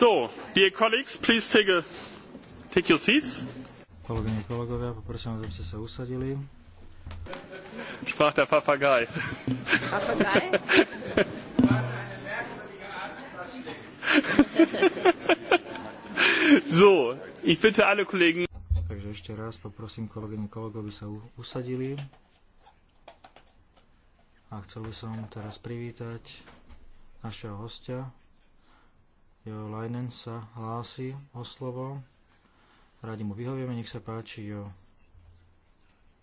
So, dear colleagues, please take, a, take your seats. Kolegyne, kolegovia, poprosím, aby ste sa usadili. Sprach der Papagei. Papagei? so, ich bitte alle Kollegen. Takže ešte raz poprosím kolegyne, kolegov, aby sa usadili. A chcel by som teraz privítať našeho hostia, Jo Leinen sa hlási o slovo. Radi mu vyhovieme, nech sa páči. Jo.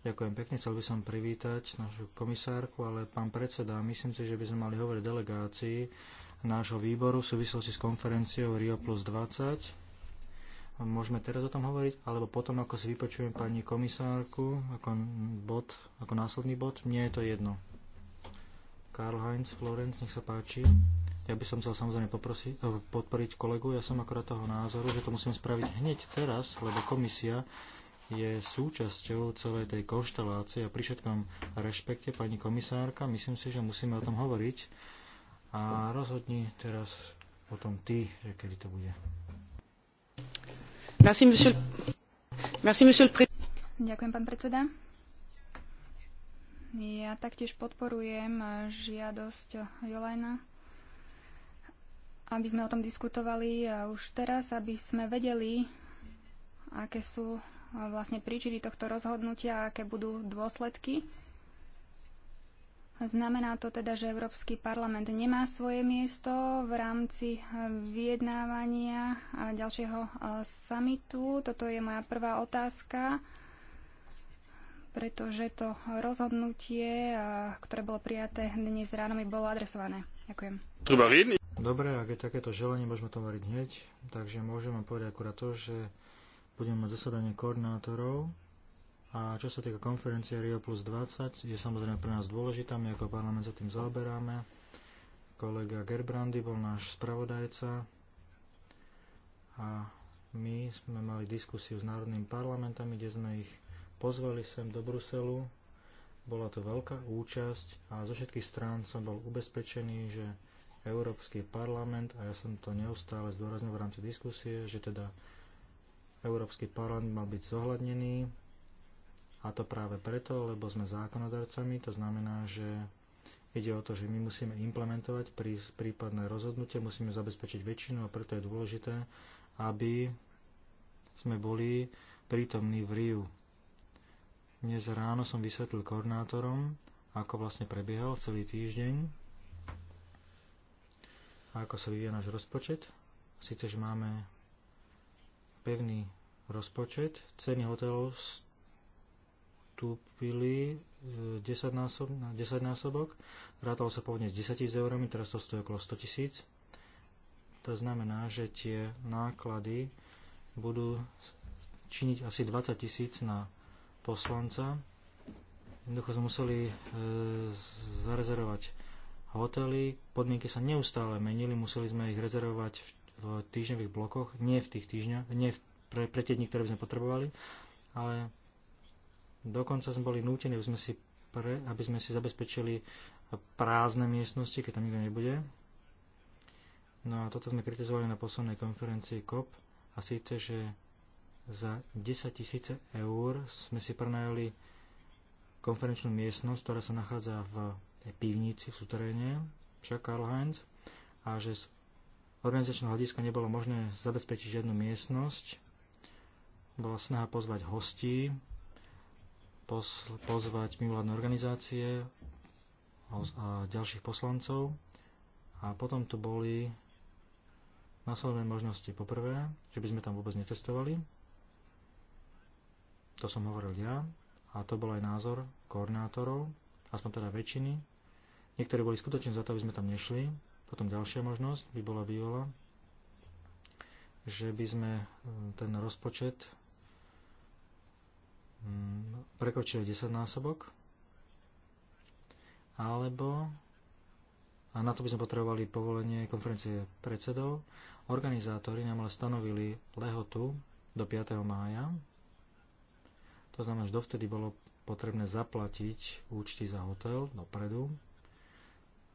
Ďakujem pekne, chcel by som privítať našu komisárku, ale pán predseda, myslím si, že by sme mali hovoriť delegácii nášho výboru v súvislosti s konferenciou Rio plus 20 môžeme teraz o tom hovoriť, alebo potom, ako si vypočujem pani komisárku, ako bod, ako následný bod, mne je to jedno. Karl Heinz, Florenc, nech sa páči. Ja by som chcel samozrejme poprosiť, eh, podporiť kolegu. Ja som akorát toho názoru, že to musíme spraviť hneď teraz, lebo komisia je súčasťou celej tej konštelácie a pri všetkom rešpekte pani komisárka, myslím si, že musíme o tom hovoriť a rozhodni teraz o tom ty, že kedy to bude. Merci, monsieur... Merci, monsieur... Ďakujem, pán predseda. Ja taktiež podporujem žiadosť Jolajna aby sme o tom diskutovali už teraz, aby sme vedeli, aké sú vlastne príčiny tohto rozhodnutia a aké budú dôsledky. Znamená to teda, že Európsky parlament nemá svoje miesto v rámci e, vyjednávania ďalšieho e, samitu. Toto je moja prvá otázka, pretože to rozhodnutie, ktoré bolo prijaté dnes ráno, mi bolo adresované. Ďakujem. Dobre, ak je takéto želanie, môžeme to variť hneď. Takže môžem vám povedať akurát to, že budeme mať zasadanie koordinátorov a čo sa týka konferencie Rio plus 20, je samozrejme pre nás dôležitá, my ako parlament sa tým zaoberáme. Kolega Gerbrandy bol náš spravodajca a my sme mali diskusiu s národnými parlamentami, kde sme ich pozvali sem do Bruselu. Bola to veľká účasť a zo všetkých strán som bol ubezpečený, že Európsky parlament, a ja som to neustále zdôrazňoval v rámci diskusie, že teda Európsky parlament mal byť zohľadnený a to práve preto, lebo sme zákonodarcami, to znamená, že ide o to, že my musíme implementovať prí, prípadné rozhodnutie, musíme zabezpečiť väčšinu a preto je dôležité, aby sme boli prítomní v Riu. Dnes ráno som vysvetlil koordinátorom, ako vlastne prebiehal celý týždeň a ako sa vyvíja náš rozpočet. Sice, že máme pevný rozpočet, ceny hotelov stúpili 10, e, násob, na 10 násobok. vrátalo sa pôvodne s 10 tisíc eurami, teraz to stojí okolo 100 tisíc. To znamená, že tie náklady budú činiť asi 20 tisíc na poslanca. Jednoducho sme museli e, zarezervovať hotely, podmienky sa neustále menili, museli sme ich rezervovať v, v týždňových blokoch, nie v tých týždňoch, nie v, pre, pre tie dni, ktoré by sme potrebovali, ale dokonca sme boli nútení, aby sme si, pre, aby sme si zabezpečili prázdne miestnosti, keď tam nikto nebude. No a toto sme kritizovali na poslednej konferencii COP a síce, že za 10 tisíce eur sme si prenajali konferenčnú miestnosť, ktorá sa nachádza v pivnici v suteréne, však Karl Heinz, a že z organizačného hľadiska nebolo možné zabezpečiť žiadnu miestnosť. Bola snaha pozvať hostí, pozvať mimovládne organizácie a ďalších poslancov. A potom tu boli následné možnosti. Poprvé, že by sme tam vôbec netestovali. To som hovoril ja. A to bol aj názor koordinátorov, aspoň teda väčšiny Niektorí boli skutočne za to, aby sme tam nešli. Potom ďalšia možnosť by bola bývala, že by sme e, ten rozpočet mm, prekročili 10 násobok, alebo a na to by sme potrebovali povolenie konferencie predsedov. Organizátori nám ale stanovili lehotu do 5. mája. To znamená, že dovtedy bolo potrebné zaplatiť účty za hotel dopredu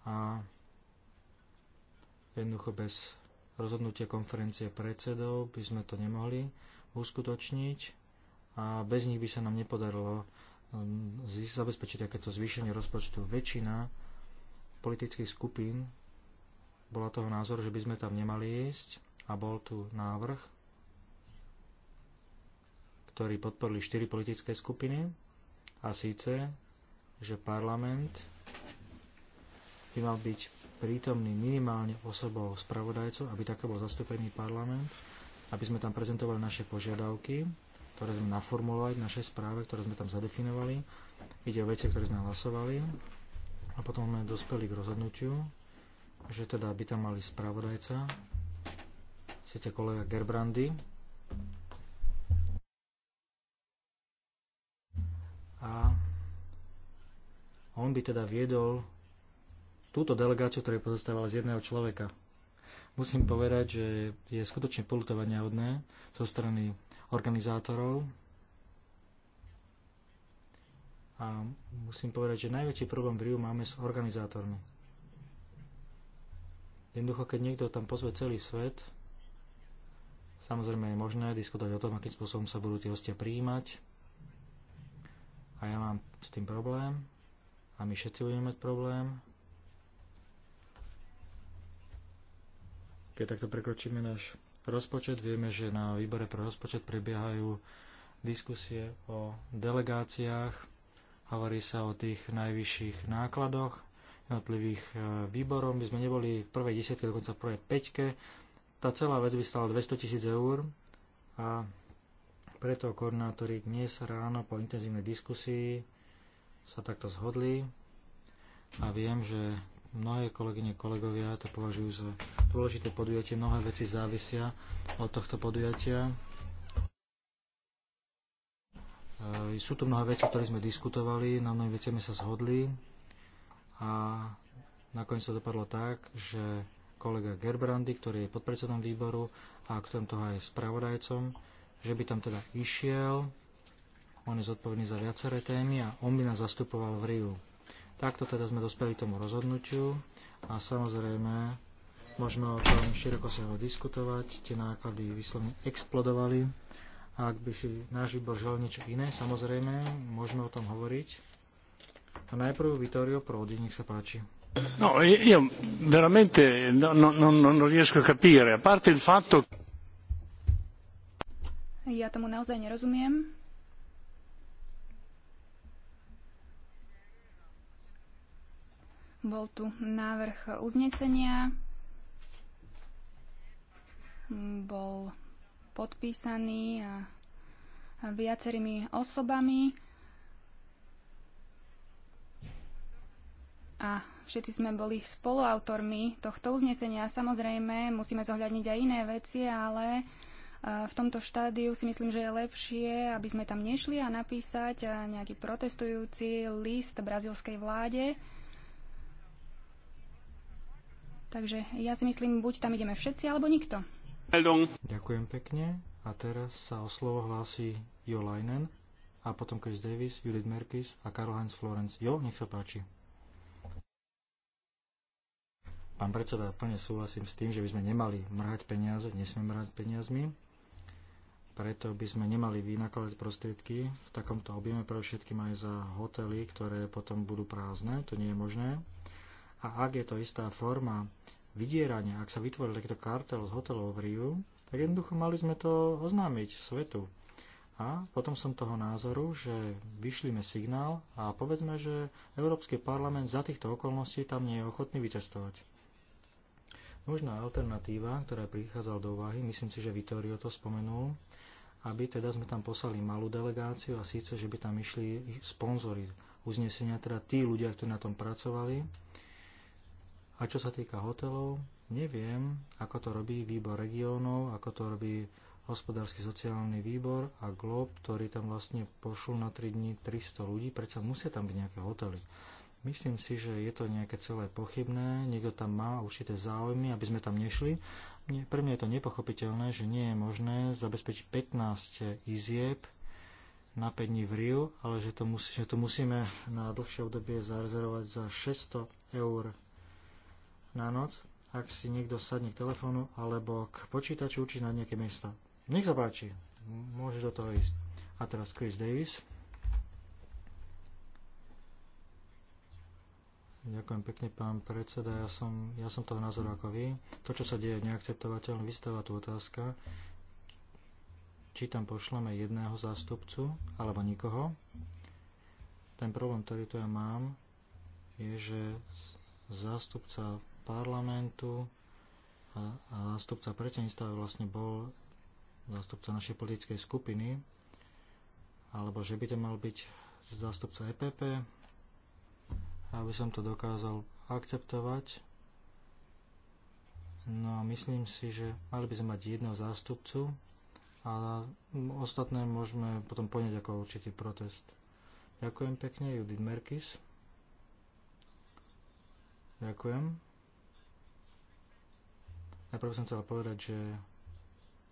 a jednoducho bez rozhodnutia konferencie predsedov by sme to nemohli uskutočniť a bez nich by sa nám nepodarilo um, zabezpečiť takéto zvýšenie rozpočtu. Väčšina politických skupín bola toho názor, že by sme tam nemali ísť a bol tu návrh, ktorý podporili štyri politické skupiny a síce, že parlament by mal byť prítomný minimálne osobou spravodajcov, aby takto bol zastúpený parlament, aby sme tam prezentovali naše požiadavky, ktoré sme naformulovali naše správe, ktoré sme tam zadefinovali. Ide o veci, ktoré sme hlasovali. A potom sme dospeli k rozhodnutiu, že teda by tam mali spravodajca, síce kolega Gerbrandy, a on by teda viedol túto delegáciu, ktorá pozostávala z jedného človeka. Musím povedať, že je skutočne polutovania hodné zo strany organizátorov a musím povedať, že najväčší problém v Riu máme s organizátormi. Jednoducho, keď niekto tam pozve celý svet, Samozrejme je možné diskutovať o tom, akým spôsobom sa budú tie hostia prijímať. A ja mám s tým problém. A my všetci budeme mať problém. Keď takto prekročíme náš rozpočet, vieme, že na výbore pre rozpočet prebiehajú diskusie o delegáciách, hovorí sa o tých najvyšších nákladoch jednotlivých e, výborov. My sme neboli v prvej desiatke, dokonca v prvej peťke. Tá celá vec by stala 200 tisíc eur a preto koordinátori dnes ráno po intenzívnej diskusii sa takto zhodli a viem, že Mnohé kolegyne, kolegovia to považujú za dôležité podujatie. Mnohé veci závisia od tohto podujatia. E, sú tu mnohé veci, ktoré sme diskutovali, na mnohé veci sme sa zhodli a nakoniec to dopadlo tak, že kolega Gerbrandy, ktorý je podpredsedom výboru a ktorým toho aj spravodajcom, že by tam teda išiel. On je zodpovedný za viaceré témy a on by nás zastupoval v Riu. Takto teda sme dospeli tomu rozhodnutiu a samozrejme môžeme o tom široko sa ho diskutovať. Tie náklady vyslovne explodovali. ak by si náš výbor želal niečo iné, samozrejme, môžeme o tom hovoriť. A najprv Vittorio Prodi, nech sa páči. No, io veramente no, no, no, non riesco a capire, a parte il fatto... Ja tomu naozaj nerozumiem. Bol tu návrh uznesenia, bol podpísaný a viacerými osobami a všetci sme boli spoluautormi tohto uznesenia. Samozrejme, musíme zohľadniť aj iné veci, ale e, v tomto štádiu si myslím, že je lepšie, aby sme tam nešli a napísať e, nejaký protestujúci list brazilskej vláde, Takže ja si myslím, buď tam ideme všetci, alebo nikto. Ďakujem pekne. A teraz sa o slovo hlási Jo Leinen a potom Chris Davis, Judith Merkis a Karl Heinz Florence. Jo, nech sa páči. Pán predseda, plne súhlasím s tým, že by sme nemali mrhať peniaze, nesmieme mrhať peniazmi. Preto by sme nemali vynakladať prostriedky v takomto objeme pre všetkým aj za hotely, ktoré potom budú prázdne. To nie je možné. A ak je to istá forma vydierania, ak sa vytvoril takýto kartel z hotelov v Riu, tak jednoducho mali sme to oznámiť svetu. A potom som toho názoru, že vyšlime signál a povedzme, že Európsky parlament za týchto okolností tam nie je ochotný vycestovať. Možná alternatíva, ktorá prichádzala do úvahy, myslím si, že Vittorio to spomenul, aby teda sme tam poslali malú delegáciu a síce, že by tam išli sponzory uznesenia, teda tí ľudia, ktorí na tom pracovali, a čo sa týka hotelov, neviem, ako to robí výbor regiónov, ako to robí hospodársky sociálny výbor a GLOB, ktorý tam vlastne pošul na 3 dní 300 ľudí, predsa musia tam byť nejaké hotely. Myslím si, že je to nejaké celé pochybné, niekto tam má určité záujmy, aby sme tam nešli. Pre mňa je to nepochopiteľné, že nie je možné zabezpečiť 15 izieb na 5 dní v Riu, ale že to, musí, že to musíme na dlhšie obdobie zarezervovať za 600 eur na noc, ak si niekto sadne k telefónu alebo k počítaču učiť na nejaké miesta. Nech sa páči, môže do toho ísť. A teraz Chris Davis. Ďakujem pekne, pán predseda. Ja som, ja som toho názoru ako vy. To, čo sa deje, je neakceptovateľné. Vystáva tu otázka, či tam pošleme jedného zástupcu alebo nikoho. Ten problém, ktorý tu ja mám, je, že zástupca parlamentu a, a zástupca predsedníctva vlastne bol zástupca našej politickej skupiny, alebo že by to mal byť zástupca EPP, aby som to dokázal akceptovať. No myslím si, že mali by sme mať jedného zástupcu a ostatné môžeme potom poňať ako určitý protest. Ďakujem pekne, Judith Merkis. Ďakujem. Najprv som chcel povedať, že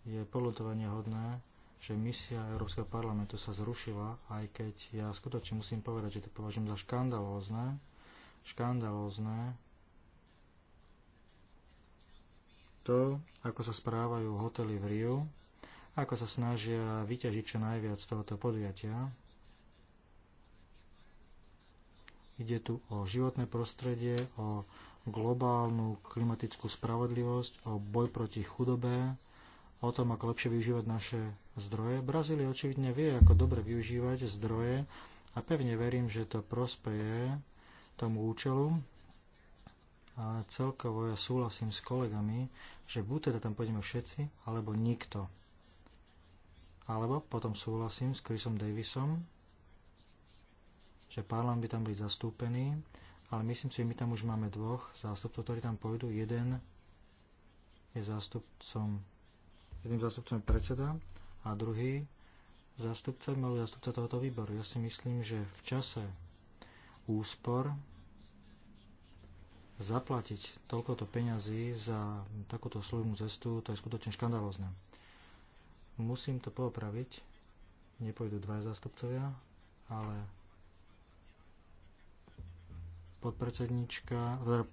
je polutovanie hodné, že misia Európskeho parlamentu sa zrušila, aj keď ja skutočne musím povedať, že to považujem za škandalózne. Škandalózne to, ako sa správajú hotely v Riu, ako sa snažia vyťažiť čo najviac z tohoto podujatia. Ide tu o životné prostredie, o globálnu klimatickú spravodlivosť, o boj proti chudobe, o tom, ako lepšie využívať naše zdroje. Brazília očividne vie, ako dobre využívať zdroje a pevne verím, že to prospeje tomu účelu. A celkovo ja súhlasím s kolegami, že buď teda tam pôjdeme všetci, alebo nikto. Alebo potom súhlasím s Chrisom Davisom, že parlament by tam byť zastúpený ale myslím si, že my tam už máme dvoch zástupcov, ktorí tam pôjdu. Jeden je zástupcom, jedným zástupcom je predseda a druhý zástupca, malý zástupca tohoto výboru. Ja si myslím, že v čase úspor zaplatiť toľkoto peňazí za takúto slovnú cestu, to je skutočne škandalozne. Musím to poopraviť, nepôjdu dva zástupcovia, ale podpredsednička, eh,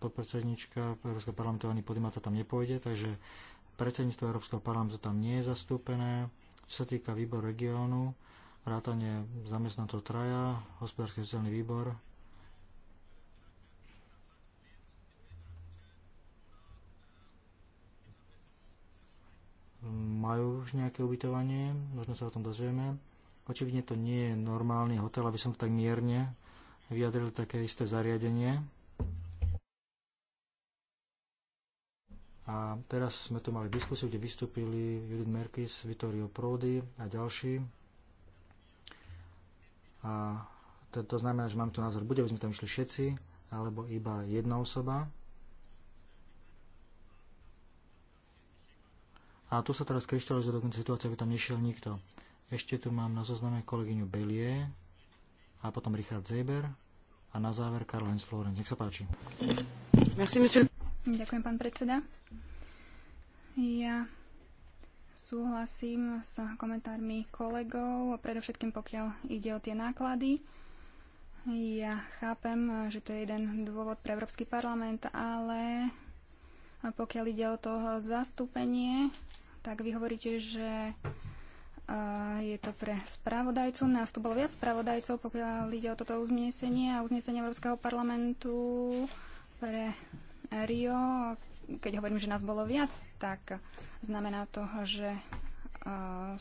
podpredsednička Európskeho parlamentu ani Podimata tam nepôjde, takže predsedníctvo Európskeho parlamentu tam nie je zastúpené. Čo sa týka výbor regiónu, vrátanie zamestnancov Traja, hospodársky sociálny výbor, majú už nejaké ubytovanie, možno sa o tom dozvieme. Očividne to nie je normálny hotel, aby som to tak mierne vyjadril také isté zariadenie. A teraz sme tu mali diskusiu, kde vystúpili Judith Merkis, Vittorio Prodi a ďalší. A to, to znamená, že máme tu názor, buď aby sme tam išli všetci, alebo iba jedna osoba. A tu sa teraz kryštalizuje dokonca situácia, aby tam nešiel nikto. Ešte tu mám na zozname kolegyňu Belie, a potom Richard Zeber a na záver Karl-Heinz Florenz. Nech sa páči. Merci, Ďakujem, pán predseda. Ja súhlasím s komentármi kolegov, predovšetkým pokiaľ ide o tie náklady. Ja chápem, že to je jeden dôvod pre Európsky parlament, ale pokiaľ ide o toho zastúpenie, tak vy hovoríte, že je to pre spravodajcu. Nás tu bolo viac spravodajcov, pokiaľ ide o toto uznesenie a uznesenie Európskeho parlamentu pre Rio. Keď hovorím, že nás bolo viac, tak znamená to, že e,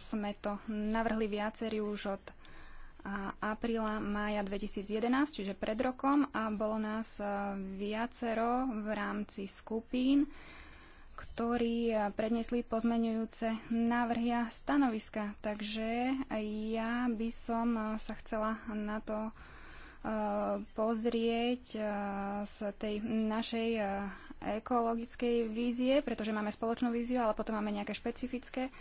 sme to navrhli viacerí už od apríla, mája 2011, čiže pred rokom a bolo nás e, viacero v rámci skupín ktorí predniesli pozmenujúce návrhy a stanoviska. Takže ja by som eh, sa chcela na to eh, pozrieť eh, z tej našej ekologickej vízie, pretože máme spoločnú víziu, ale potom máme nejaké špecifické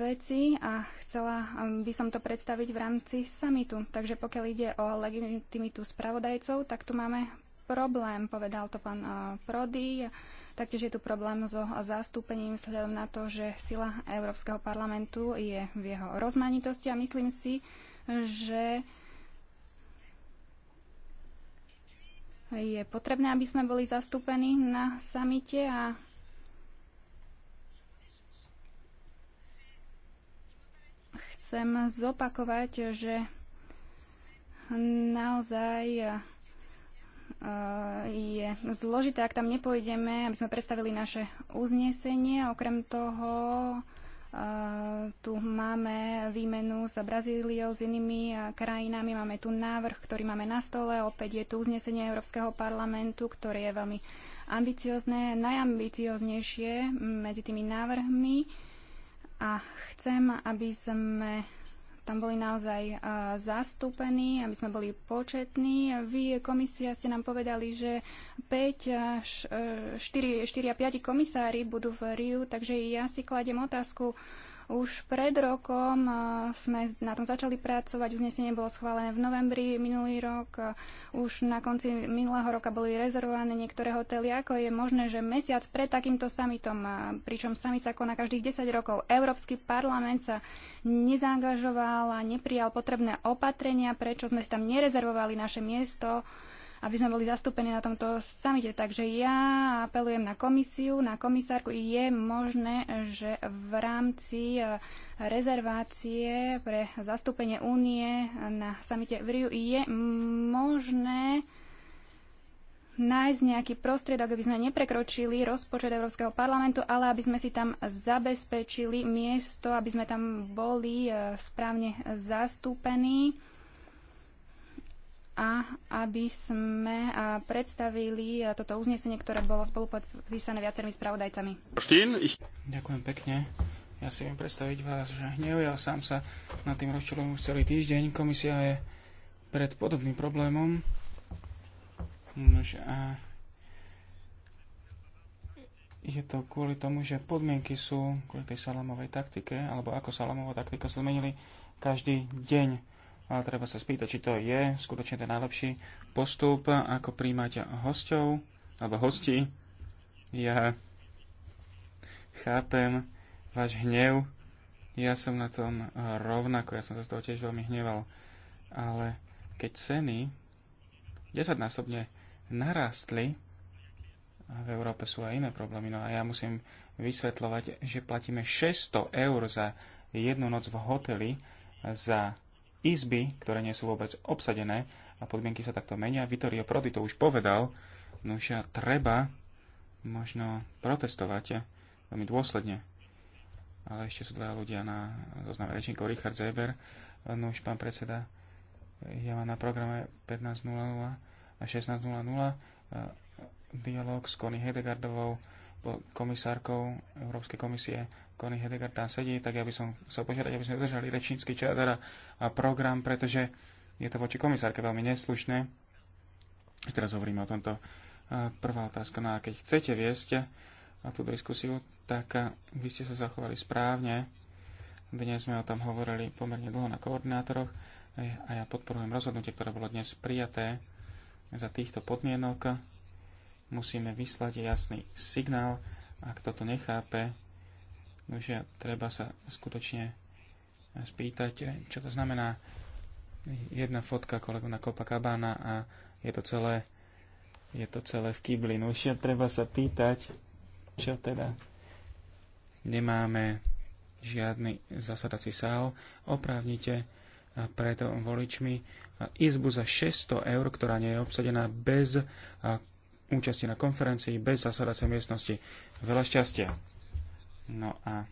veci a chcela by som to predstaviť v rámci samitu. Takže pokiaľ ide o legitimitu spravodajcov, tak tu máme problém, povedal to pán Prody. Taktiež je tu problém so zastúpením vzhľadom na to, že sila Európskeho parlamentu je v jeho rozmanitosti a myslím si, že je potrebné, aby sme boli zastúpení na samite a chcem zopakovať, že naozaj Eh, je zložité, ak tam nepôjdeme, aby sme predstavili naše uznesenie. Okrem toho eh, tu máme výmenu s Brazíliou, s inými eh, krajinami. Máme tu návrh, ktorý máme na stole. Opäť je tu uznesenie Európskeho parlamentu, ktoré je veľmi ambiciozne, najambicioznejšie medzi tými návrhmi. A chcem, aby sme tam boli naozaj zastúpení, aby sme boli početní. Vy, komisia, ste nám povedali, že 5, 4, 4 a 5 e, komisári budú v Riu, takže ja si kladem otázku, už pred rokom eh, sme na tom začali pracovať, uznesenie bolo schválené v novembri minulý rok, eh, už na konci minulého roka boli rezervované niektoré hotely. Ako je možné, že mesiac pred takýmto summitom, eh, pričom summit sa koná každých 10 rokov, Európsky parlament sa nezaangažoval a neprijal potrebné opatrenia, prečo sme si tam nerezervovali naše miesto, aby sme boli zastúpení na tomto samite. Takže ja apelujem na komisiu, na komisárku. Je možné, že v rámci eh, rezervácie pre zastúpenie únie na samite v Riu je možné nájsť nejaký prostriedok, aby sme neprekročili rozpočet Európskeho parlamentu, ale aby sme si tam zabezpečili miesto, aby sme tam boli eh, správne zastúpení a aby sme predstavili toto uznesenie, ktoré bolo spolupodpísané viacerými spravodajcami. Ďakujem pekne. Ja si viem predstaviť vás, že hnev, ja sám sa nad tým rozčulujem už celý týždeň. Komisia je pred podobným problémom. a je to kvôli tomu, že podmienky sú kvôli tej salamovej taktike, alebo ako salamová taktika sa zmenili každý deň ale treba sa spýtať, či to je skutočne ten najlepší postup, ako príjmať hostov alebo hosti. Ja chápem váš hnev. Ja som na tom rovnako, ja som sa z toho tiež veľmi hneval. Ale keď ceny desaťnásobne narástli, a v Európe sú aj iné problémy, no a ja musím vysvetľovať, že platíme 600 eur za jednu noc v hoteli za izby, ktoré nie sú vôbec obsadené a podmienky sa takto menia. Vittorio Prodi to už povedal, no že treba možno protestovať veľmi dôsledne. Ale ešte sú dva ľudia na zozname rečníkov, Richard Zeber, no už pán predseda, ja mám na programe 15.00 a 16.00 dialog s Connie Hedegardovou, komisárkou Európskej komisie Connie Hedegaard tam sedí, tak ja by som chcel požiadať, aby sme dodržali rečnícky čadar teda, a program, pretože je to voči komisárke veľmi neslušné. Teraz hovoríme o tomto. Prvá otázka, no a keď chcete viesť a tú diskusiu, tak vy ste sa zachovali správne. Dnes sme o tom hovorili pomerne dlho na koordinátoroch e, a ja podporujem rozhodnutie, ktoré bolo dnes prijaté. Za týchto podmienok musíme vyslať jasný signál, ak toto nechápe, Takže treba sa skutočne spýtať, čo to znamená jedna fotka kolegu na Copacabana a je to celé, je to celé v kybli. No už treba sa pýtať, čo teda nemáme žiadny zasadací sál, oprávnite pred voličmi izbu za 600 eur, ktorá nie je obsadená bez účasti na konferencii, bez zasadacej miestnosti. Veľa šťastia! No a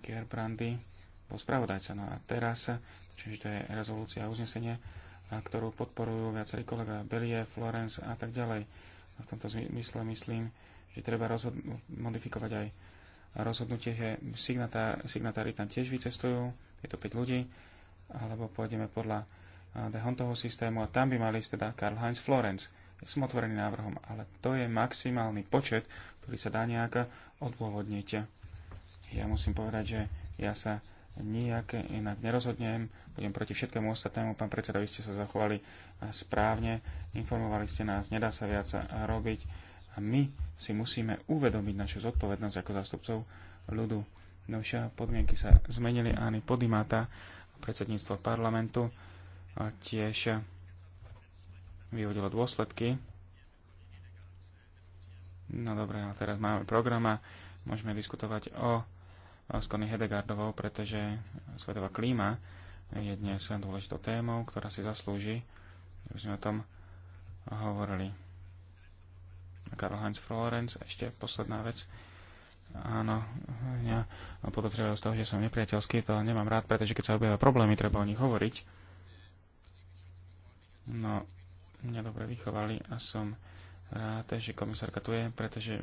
Gerbrandy bol spravodajca. No a teraz, čiže to je rezolúcia a uznesenie, ktorú podporujú viacerí kolega Belie, Florence a tak ďalej. A v tomto zmysle myslím, že treba modifikovať aj rozhodnutie, že signatári tam tiež vycestujú, je to 5 ľudí, alebo pôjdeme podľa eh, Dehontovho systému a tam by mali teda Karl Heinz Florence som otvorený návrhom, ale to je maximálny počet, ktorý sa dá nejak odôvodniť. Ja musím povedať, že ja sa nijak inak nerozhodnem, budem proti všetkému ostatnému. Pán predseda, vy ste sa zachovali správne, informovali ste nás, nedá sa viac robiť a my si musíme uvedomiť našu zodpovednosť ako zástupcov ľudu. Novšia podmienky sa zmenili, Ani podimáta predsedníctvo parlamentu, a tiež vyhodilo dôsledky. No dobré, a teraz máme program a môžeme diskutovať o, o Skony Hedegardovou, pretože svetová klíma je dnes dôležitou témou, ktorá si zaslúži, aby sme o tom hovorili. Karl Heinz Florence, ešte posledná vec. Áno, ja podozrievajú z toho, že som nepriateľský, to nemám rád, pretože keď sa objavia problémy, treba o nich hovoriť. No, mňa dobre vychovali a som rád, že komisárka tu je, pretože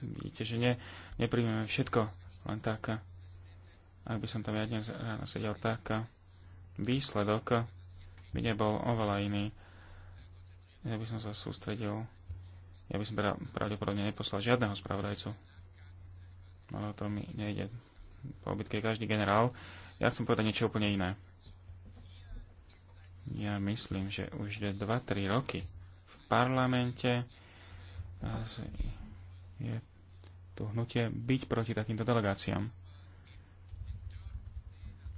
vidíte, že ne, nepríjmeme všetko len tak. Ak by som tam ja dnes ráno sedel tak, výsledok by nebol oveľa iný. Ja by som sa sústredil, ja by som teda pravdepodobne neposlal žiadneho spravodajcu. Ale o to mi nejde. Po obytke každý generál. Ja chcem povedať niečo úplne iné ja myslím, že už 2-3 roky v parlamente je tu hnutie byť proti takýmto delegáciám.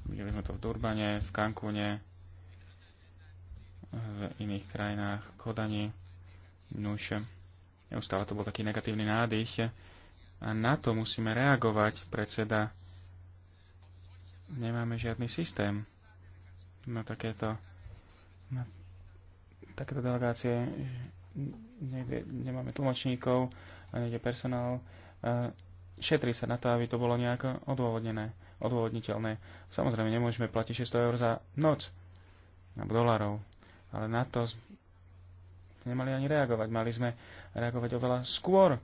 Videli sme to v Durbane, v Kankune, v iných krajinách, Kodani, Nuž. Neustále to bol taký negatívny nádych a na to musíme reagovať, predseda. Nemáme žiadny systém na takéto na takéto delegácie nejde, nemáme tlmočníkov, nejde personál. Šetri sa na to, aby to bolo nejako odôvodnené, odôvodniteľné. Samozrejme, nemôžeme platiť 600 eur za noc alebo dolarov, ale na to nemali ani reagovať. Mali sme reagovať oveľa skôr.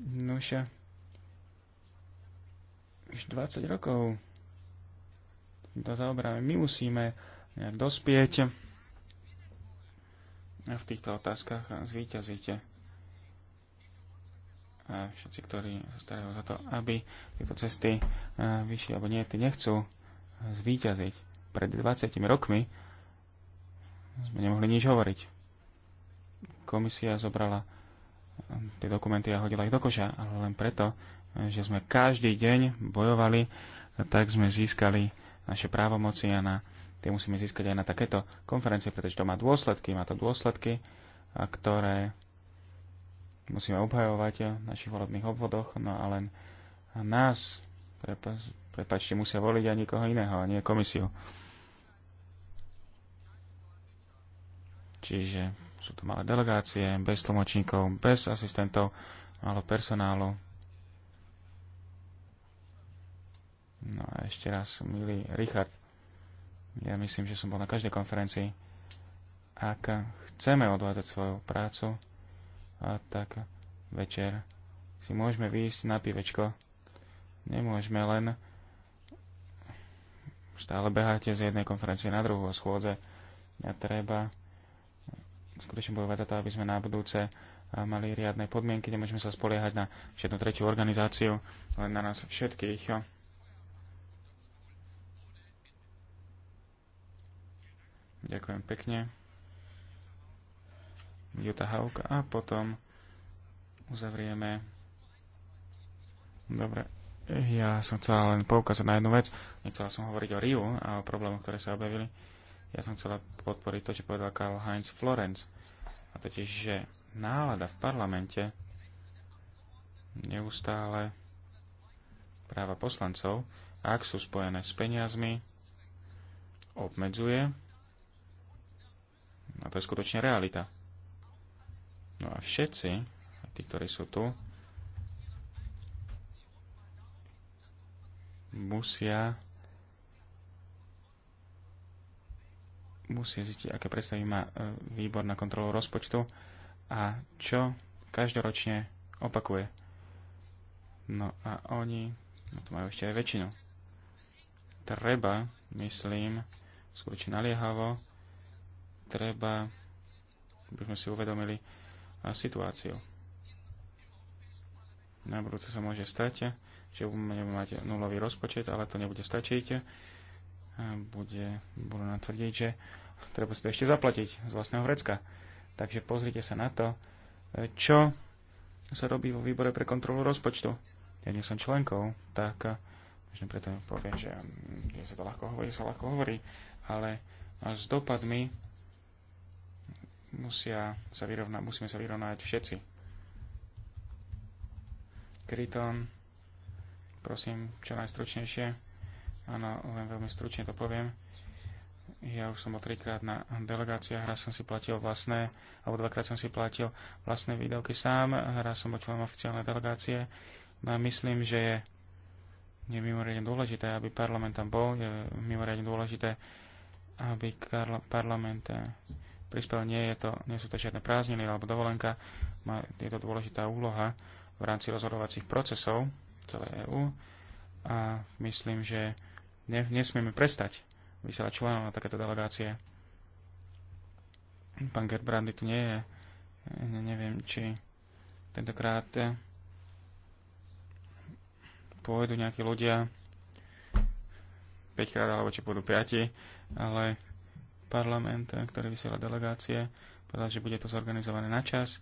Nuša, už 20 rokov to zaoberáme. My musíme dospieť a v týchto otázkach zvýťazíte A všetci, ktorí sa starajú za to, aby tieto cesty e, vyššie alebo nie, tí nechcú zvíťaziť. Pred 20 rokmi sme nemohli nič hovoriť. Komisia zobrala e, tie dokumenty a hodila ich do koša, ale len preto, že sme každý deň bojovali, tak sme získali naše právomoci a na tie musíme získať aj na takéto konferencie, pretože to má dôsledky, má to dôsledky, ktoré musíme obhajovať v našich volebných obvodoch, no a len nás, prepačte, musia voliť aj nikoho iného, a nie komisiu. Čiže sú to malé delegácie, bez tlmočníkov, bez asistentov, malo personálu. No a ešte raz, milý Richard, ja myslím, že som bol na každej konferencii. Ak chceme odvádzať svoju prácu, a tak večer si môžeme výjsť na pivečko. Nemôžeme len stále behať z jednej konferencie na druhú a schôdze. A treba skutočne bojovať za to, aby sme na budúce mali riadne podmienky. Nemôžeme sa spoliehať na všetnú tretiu organizáciu, len na nás všetkých Ďakujem pekne. Jutta Haug a potom uzavrieme. Dobre, ja som chcela len poukázať na jednu vec. Nechcela som hovoriť o Riu a o problémoch, ktoré sa objavili. Ja som chcela podporiť to, čo povedal Karl Heinz Florence. A totiž, že nálada v parlamente neustále práva poslancov, ak sú spojené s peniazmi, obmedzuje a to je skutočne realita. No a všetci, tí, ktorí sú tu, musia musia zistiť, aké predstavy má e, výbor na kontrolu rozpočtu a čo každoročne opakuje. No a oni no to majú ešte aj väčšinu. Treba, myslím, skutočne naliehavo treba, aby sme si uvedomili situáciu. Na budúce sa môže stať, že budeme mať nulový rozpočet, ale to nebude stačiť. Bude, budú nám tvrdiť, že treba si to ešte zaplatiť z vlastného vrecka. Takže pozrite sa na to, e, čo sa robí vo výbore pre kontrolu rozpočtu. Ja nie som členkou, tak e, možno preto poviem, že, mm, že sa to ľahko hovorí, sa ľahko hovorí, ale e, s dopadmi musia sa vyrovna, musíme sa vyrovnať všetci. Kryton, prosím, čo najstručnejšie. Áno, len veľmi stručne to poviem. Ja už som bol trikrát na delegáciách, raz som si platil vlastné, alebo dvakrát som si platil vlastné výdavky sám, raz som bol členom oficiálnej delegácie. No a myslím, že je, je mimoriadne dôležité, aby parlament tam bol, je mimoriadne dôležité, aby parlament eh, prispel. Nie, je to, nie sú to žiadne prázdniny alebo dovolenka. Má, je to dôležitá úloha v rámci rozhodovacích procesov celej EÚ a myslím, že ne, nesmieme prestať vysielať členov na takéto delegácie. Pán Gerbrandy tu nie je. Ne, neviem, či tentokrát eh, pôjdu nejakí ľudia 5 krát alebo či pôjdu 5, ale parlament, ktorý vysiela delegácie, povedal, že bude to zorganizované na čas,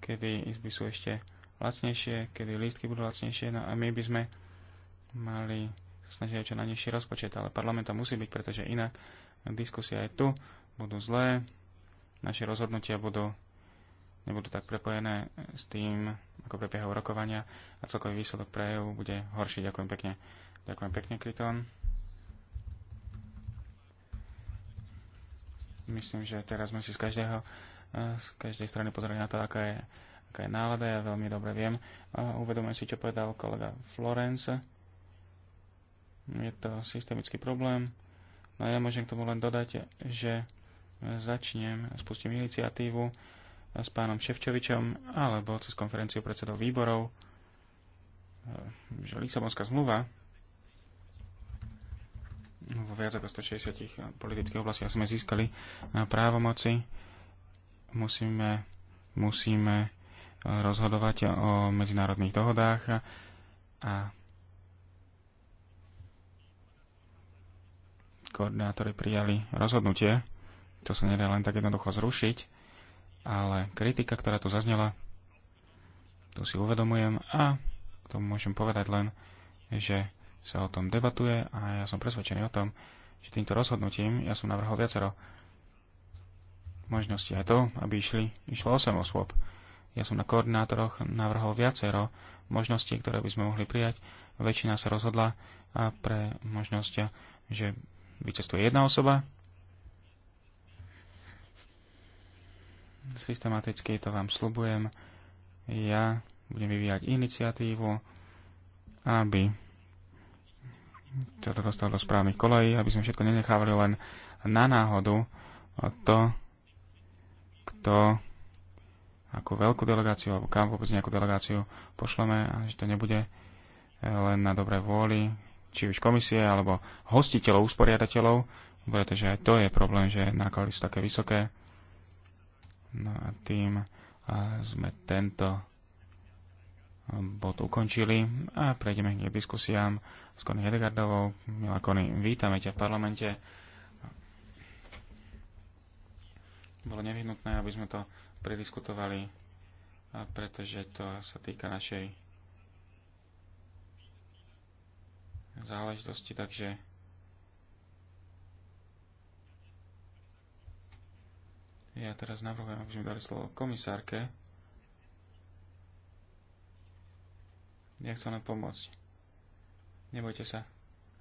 kedy izby sú ešte lacnejšie, kedy lístky budú lacnejšie, no a my by sme mali snažiť o čo nižší rozpočet, ale parlament tam musí byť, pretože inak diskusia je tu, budú zlé, naše rozhodnutia budú nebudú tak prepojené s tým, ako prebiehajú rokovania a celkový výsledok pre EU bude horší. Ďakujem pekne. Ďakujem pekne, Kriton. Myslím, že teraz sme si z, každého, eh, z každej strany pozreli na to, aká je, aká je nálada. Ja veľmi dobre viem. Eh, uvedomujem si, čo povedal kolega Florence. Je to systemický problém. No ja môžem k tomu len dodať, že začnem, spustím iniciatívu eh, s pánom Ševčovičom alebo cez konferenciu predsedov výborov, že Lisabonská zmluva vo viac ako 160 politických oblastiach sme získali eh, právomoci. Musíme, musíme eh, rozhodovať o medzinárodných dohodách a koordinátori prijali rozhodnutie. To sa nedá len tak jednoducho zrušiť, ale kritika, ktorá tu zaznela, to si uvedomujem a k tomu môžem povedať len, že sa o tom debatuje a ja som presvedčený o tom, že týmto rozhodnutím ja som navrhol viacero možností aj to, aby išli, išlo 8 osôb. Ja som na koordinátoroch navrhol viacero možností, ktoré by sme mohli prijať. Väčšina sa rozhodla a pre možnosť, že vycestuje jedna osoba. Systematicky to vám slubujem. Ja budem vyvíjať iniciatívu, aby sa teda dostal do správnych kolejí, aby sme všetko nenechávali len na náhodu to, kto ako veľkú delegáciu alebo kam vôbec nejakú delegáciu pošleme a že to nebude eh, len na dobré vôli, či už komisie alebo hostiteľov, usporiadateľov, pretože aj to je problém, že náklady sú také vysoké. No a tým eh, sme tento bod ukončili a prejdeme k diskusiám s Kony Hedegardovou. Milá Kony, vítame ťa v parlamente. Bolo nevyhnutné, aby sme to prediskutovali, pretože to sa týka našej záležitosti, takže ja teraz navrhujem, aby sme dali slovo komisárke. Ja nám len pomôcť. Nebojte sa.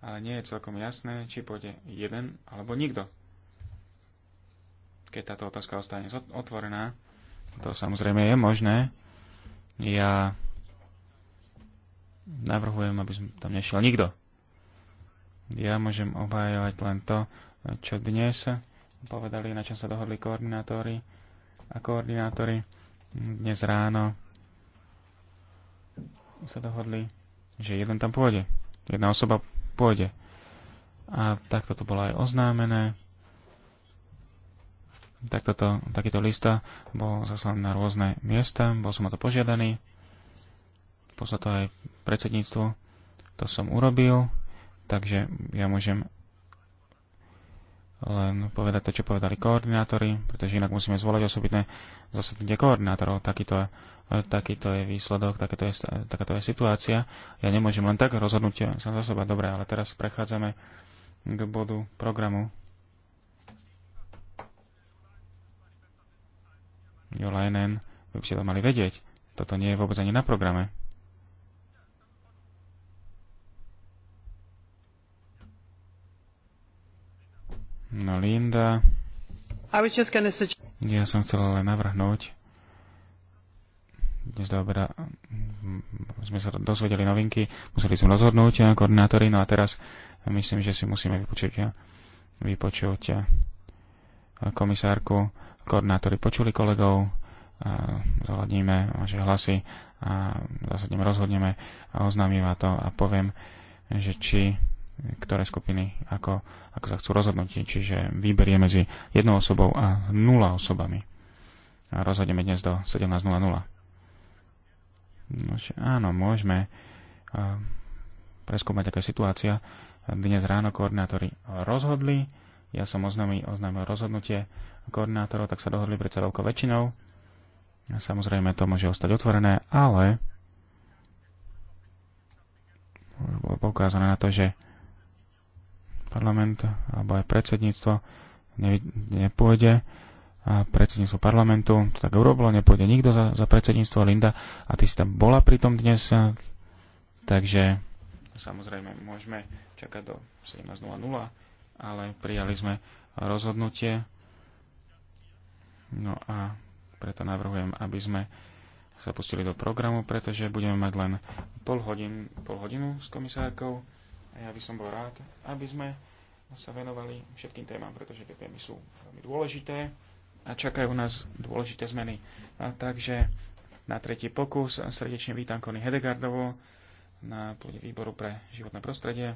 Ale nie je celkom jasné, či pôjde jeden alebo nikto. Keď táto otázka ostane otvorená, to samozrejme je možné. Ja navrhujem, aby som tam nešiel nikto. Ja môžem obhajovať len to, čo dnes povedali, na čom sa dohodli koordinátori a koordinátori dnes ráno sa dohodli, že jeden tam pôjde. Jedna osoba pôjde. A takto to bolo aj oznámené. Takto to, takýto lista bol zaslaný na rôzne miesta, bol som o to požiadaný. Poslal to aj predsedníctvu. To som urobil, takže ja môžem len povedať to, čo povedali koordinátori, pretože inak musíme zvolať osobitné zasadnutie koordinátorov. Takýto, takýto je výsledok, takéto je, takáto je situácia. Ja nemôžem len tak rozhodnúť sa za seba. Dobre, ale teraz prechádzame k bodu programu. Jo, vy by ste to mali vedieť. Toto nie je vôbec ani na programe. No Linda. Ja som chcela len navrhnúť. Dnes do obeda mm, sme sa dozvedeli novinky, museli sme rozhodnúť eh, koordinátori, no a teraz myslím, že si musíme vypočuť, eh, vypočuť eh, komisárku. Koordinátori počuli kolegov, zohľadníme vaše hlasy a zásadne rozhodneme a oznámim to a poviem, že či ktoré skupiny ako, ako sa chcú rozhodnúť. Čiže výber je medzi jednou osobou a nula osobami. A rozhodneme dnes do 17.00. No, áno, môžeme preskúmať, aká situácia. Dnes ráno koordinátori rozhodli, ja som oznámil, oznámil rozhodnutie koordinátorov, tak sa dohodli predsa veľkou väčšinou. Samozrejme, to môže ostať otvorené, ale bolo poukázané na to, že parlament alebo aj predsedníctvo ne, nepôjde a predsedníctvo parlamentu, to tak urobilo, nepôjde nikto za, za predsedníctvo Linda a ty si tam bola pri tom dnes, takže samozrejme môžeme čakať do 17.00, ale prijali sme rozhodnutie, no a preto navrhujem, aby sme sa pustili do programu, pretože budeme mať len pol, hodin, pol hodinu s komisárkou. A ja by som bol rád, aby sme sa venovali všetkým témam, pretože tie témy sú veľmi dôležité a čakajú nás dôležité zmeny. A takže na tretí pokus srdečne vítam Kony Hedegardovo na pôde výboru pre životné prostredie.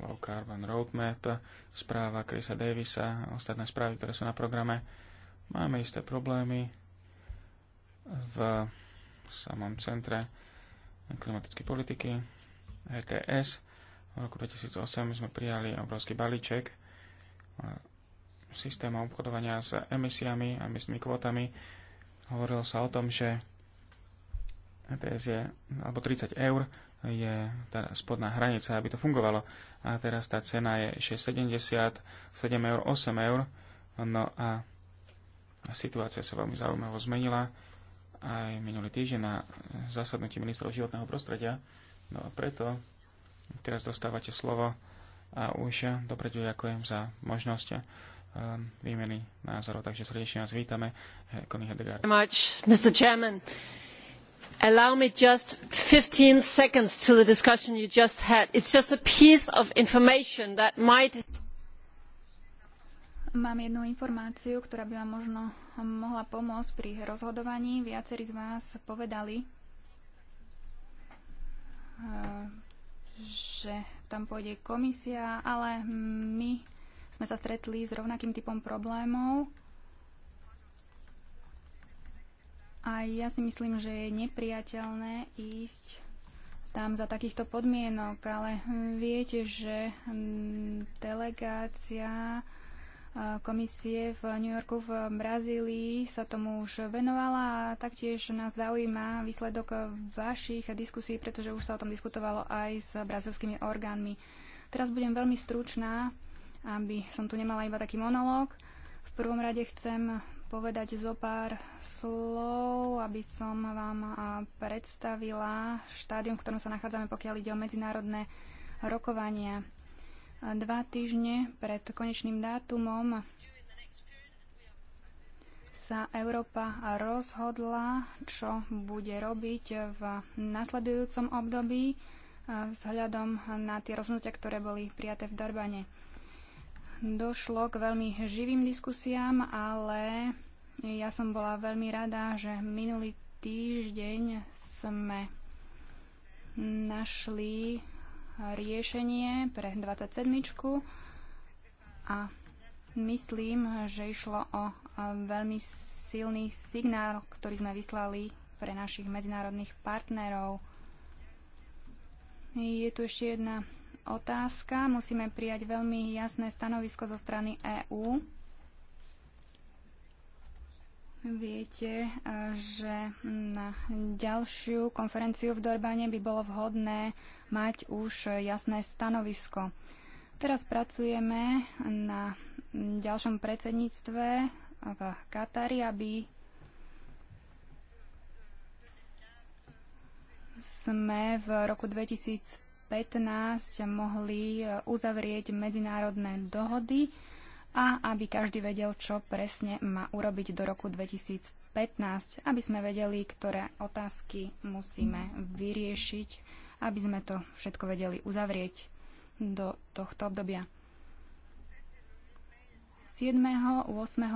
Low Carbon Roadmap, správa Chrisa Davisa a ostatné správy, ktoré sú na programe. Máme isté problémy v v samom centre klimatické politiky ETS. V roku 2008 sme prijali obrovský balíček systému obchodovania s emisiami a emisnými kvotami. Hovorilo sa o tom, že ETS je, alebo 30 eur je tá spodná hranica, aby to fungovalo. A teraz tá cena je 6,70, 7 eur, 8 eur. No a situácia sa veľmi zaujímavo zmenila aj minulý týždeň na zasadnutí ministrov životného prostredia. No a preto teraz dostávate slovo a už dobre ďakujem za možnosť um, výmeny názorov, takže srdečne vás vítame. Eh, Connie Hedegaard. Mr. Chairman. Allow me just 15 seconds to the discussion you just had. It's just a piece of information that might Mám jednu informáciu, ktorá by vám možno mohla pomôcť pri rozhodovaní. Viacerí z vás povedali, eh, že tam pôjde komisia, ale my sme sa stretli s rovnakým typom problémov. A ja si myslím, že je nepriateľné ísť tam za takýchto podmienok, ale viete, že mm, delegácia komisie v New Yorku v Brazílii sa tomu už venovala a taktiež nás zaujíma výsledok vašich diskusí, pretože už sa o tom diskutovalo aj s brazilskými orgánmi. Teraz budem veľmi stručná, aby som tu nemala iba taký monológ. V prvom rade chcem povedať zo pár slov, aby som vám predstavila štádium, v ktorom sa nachádzame, pokiaľ ide o medzinárodné rokovania. Dva týždne pred konečným dátumom sa Európa rozhodla, čo bude robiť v nasledujúcom období e, vzhľadom na tie rozhodnutia, ktoré boli prijaté v Darbane. Došlo k veľmi živým diskusiám, ale ja som bola veľmi rada, že minulý týždeň sme našli riešenie pre 27. A myslím, že išlo o veľmi silný signál, ktorý sme vyslali pre našich medzinárodných partnerov. Je tu ešte jedna otázka. Musíme prijať veľmi jasné stanovisko zo strany EÚ Viete, eh, že na ďalšiu konferenciu v Dorbane by bolo vhodné mať už jasné stanovisko. Teraz pracujeme na ďalšom predsedníctve v Katari, aby sme v roku 2015 mohli eh, uzavrieť medzinárodné dohody a aby každý vedel, čo presne má urobiť do roku 2015, aby sme vedeli, ktoré otázky musíme vyriešiť, aby sme to všetko vedeli uzavrieť do tohto obdobia. 7. 8.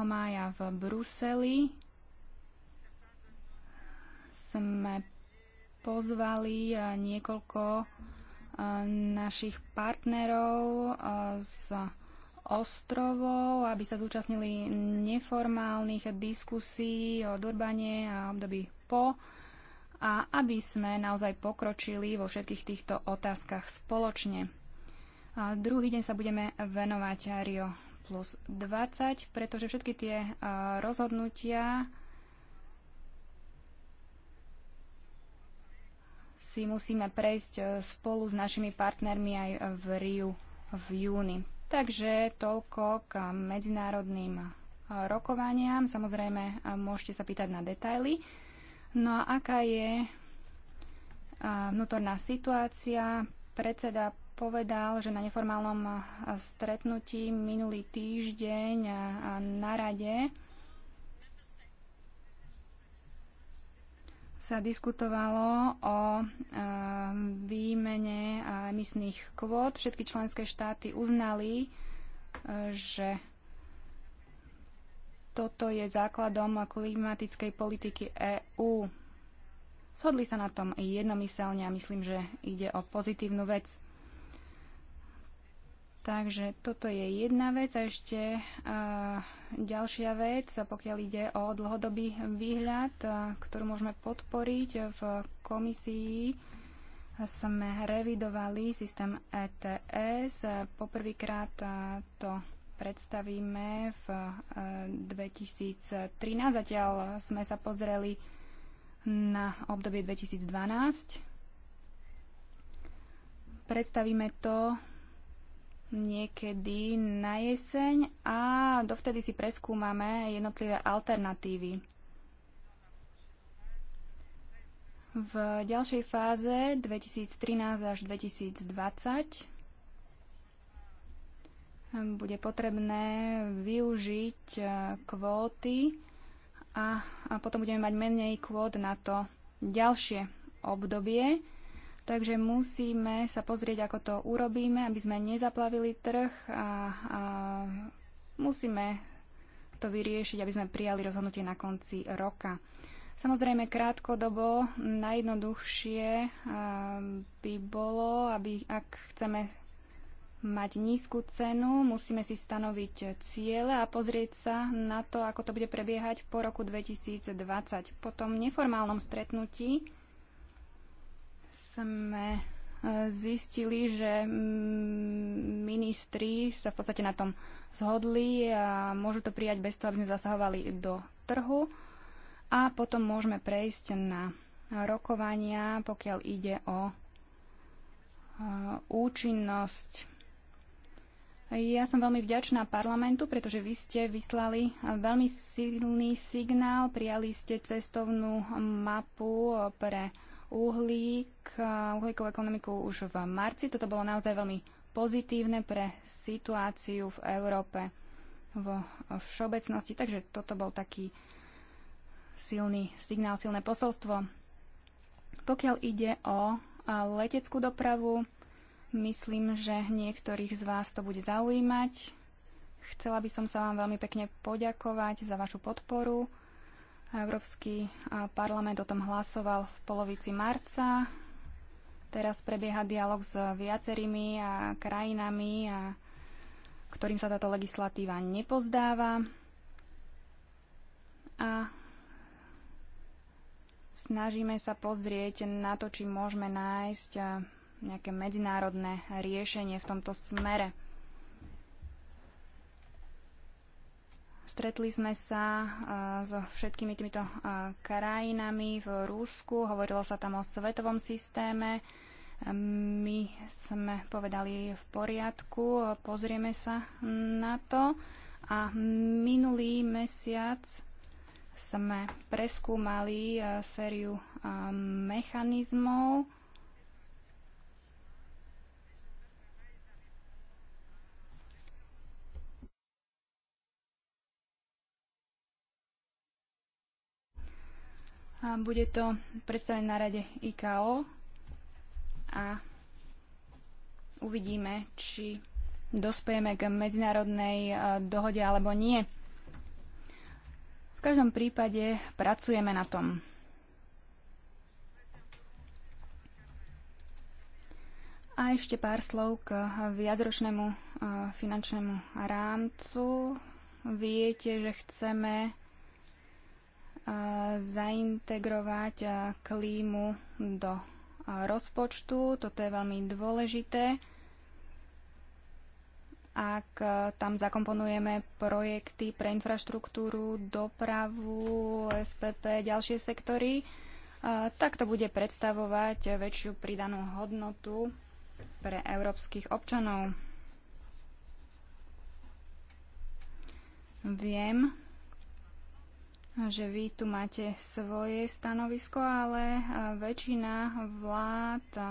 mája v Bruseli sme pozvali eh, niekoľko eh, našich partnerov eh, z ostrovov, aby sa zúčastnili neformálnych diskusí o Durbane a období po a aby sme naozaj pokročili vo všetkých týchto otázkach spoločne. A druhý deň sa budeme venovať Rio plus 20, pretože všetky tie rozhodnutia si musíme prejsť e, spolu s našimi partnermi aj v Riu v júni. Takže toľko k medzinárodným rokovaniam. Samozrejme, môžete sa pýtať na detaily. No a aká je vnútorná situácia? Predseda povedal, že na neformálnom stretnutí minulý týždeň na rade sa diskutovalo o e, výmene e, emisných kvót. Všetky členské štáty uznali, e, že toto je základom klimatickej politiky EÚ. Shodli sa na tom jednomyselne a myslím, že ide o pozitívnu vec. Takže toto je jedna vec a ešte a, ďalšia vec, pokiaľ ide o dlhodobý výhľad, ktorú môžeme podporiť v komisii. Sme revidovali systém ETS. Poprvýkrát to predstavíme v 2013. Zatiaľ sme sa pozreli na obdobie 2012. Predstavíme to niekedy na jeseň a dovtedy si preskúmame jednotlivé alternatívy. V ďalšej fáze 2013 až 2020 bude potrebné využiť e, kvóty a potom budeme mať menej kvót na to ďalšie obdobie Takže musíme sa pozrieť, ako to urobíme, aby sme nezaplavili trh a, a musíme to vyriešiť, aby sme prijali rozhodnutie na konci roka. Samozrejme, krátkodobo najjednoduchšie by bolo, aby, ak chceme mať nízku cenu, musíme si stanoviť ciele a pozrieť sa na to, ako to bude prebiehať po roku 2020. Po tom neformálnom stretnutí sme e, zistili, že ministri sa v podstate na tom zhodli a môžu to prijať bez toho, aby sme zasahovali do trhu. A potom môžeme prejsť na rokovania, pokiaľ ide o e, účinnosť. Ja som veľmi vďačná parlamentu, pretože vy ste vyslali veľmi silný signál, prijali ste cestovnú mapu e, pre uhlík, uhlíkovú ekonomiku už v marci. Toto bolo naozaj veľmi pozitívne pre situáciu v Európe vo všeobecnosti. Takže toto bol taký silný signál, silné posolstvo. Pokiaľ ide o leteckú dopravu, myslím, že niektorých z vás to bude zaujímať. Chcela by som sa vám veľmi pekne poďakovať za vašu podporu Európsky parlament o tom hlasoval v polovici marca. Teraz prebieha dialog s viacerými a krajinami, a ktorým sa táto legislatíva nepozdáva. A snažíme sa pozrieť na to, či môžeme nájsť nejaké medzinárodné riešenie v tomto smere. Stretli sme sa e, so všetkými týmito e, krajinami v Rúsku, hovorilo sa tam o svetovom systéme. My sme povedali v poriadku, pozrieme sa na to. A minulý mesiac sme preskúmali e, sériu mechanizmov, A bude to predstavené na rade IKO a uvidíme, či dospejeme k medzinárodnej e, dohode alebo nie. V každom prípade pracujeme na tom. A ešte pár slov k viacročnému e, finančnému rámcu. Viete, že chceme zaintegrovať klímu do rozpočtu. Toto je veľmi dôležité. Ak tam zakomponujeme projekty pre infraštruktúru, dopravu, SPP, ďalšie sektory, tak to bude predstavovať väčšiu pridanú hodnotu pre európskych občanov. Viem, že vy tu máte svoje stanovisko, ale e, väčšina vlád e,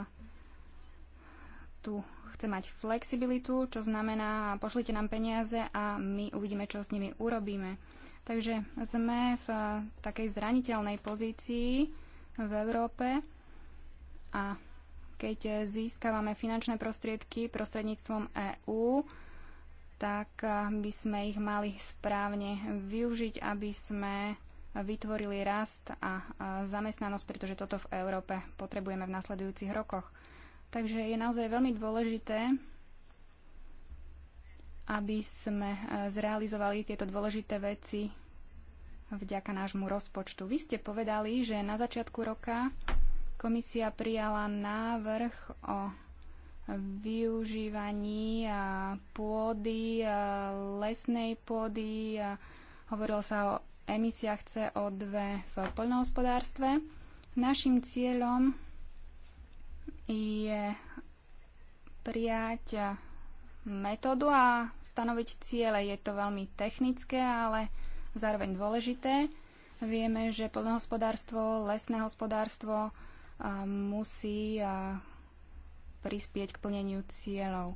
tu chce mať flexibilitu, čo znamená pošlite nám peniaze a my uvidíme, čo s nimi urobíme. Takže sme v e, takej zraniteľnej pozícii v Európe a keď získavame finančné prostriedky prostredníctvom EÚ, tak eh, by sme ich mali správne využiť, aby sme vytvorili rast a eh, zamestnanosť, pretože toto v Európe potrebujeme v nasledujúcich rokoch. Takže je naozaj veľmi dôležité, aby sme eh, zrealizovali tieto dôležité veci vďaka nášmu rozpočtu. Vy ste povedali, že na začiatku roka komisia prijala návrh o využívaní pôdy, lesnej pôdy. Hovorilo sa o emisiách CO2 v poľnohospodárstve. Našim cieľom je prijať metódu a stanoviť ciele. Je to veľmi technické, ale zároveň dôležité. Vieme, že poľnohospodárstvo, lesné hospodárstvo musí prispieť k plneniu cieľov.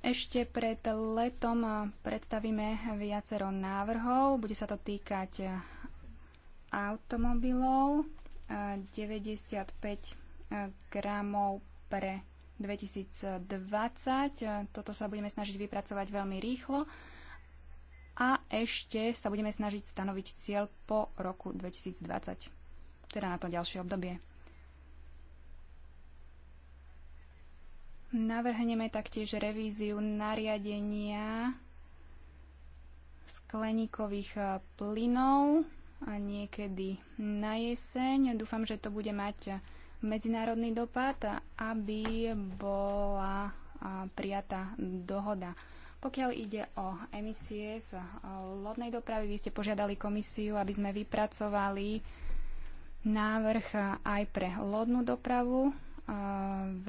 Ešte pred letom predstavíme viacero návrhov. Bude sa to týkať automobilov 95 gramov pre 2020. Toto sa budeme snažiť vypracovať veľmi rýchlo a ešte sa budeme snažiť stanoviť cieľ po roku 2020, teda na to ďalšie obdobie. Navrhneme taktiež revíziu nariadenia skleníkových e, plynov a niekedy na jeseň. Dúfam, že to bude mať medzinárodný dopad, aby bola e, prijatá dohoda. Pokiaľ ide o emisie z e, lodnej dopravy, vy ste požiadali komisiu, aby sme vypracovali návrh aj pre lodnú dopravu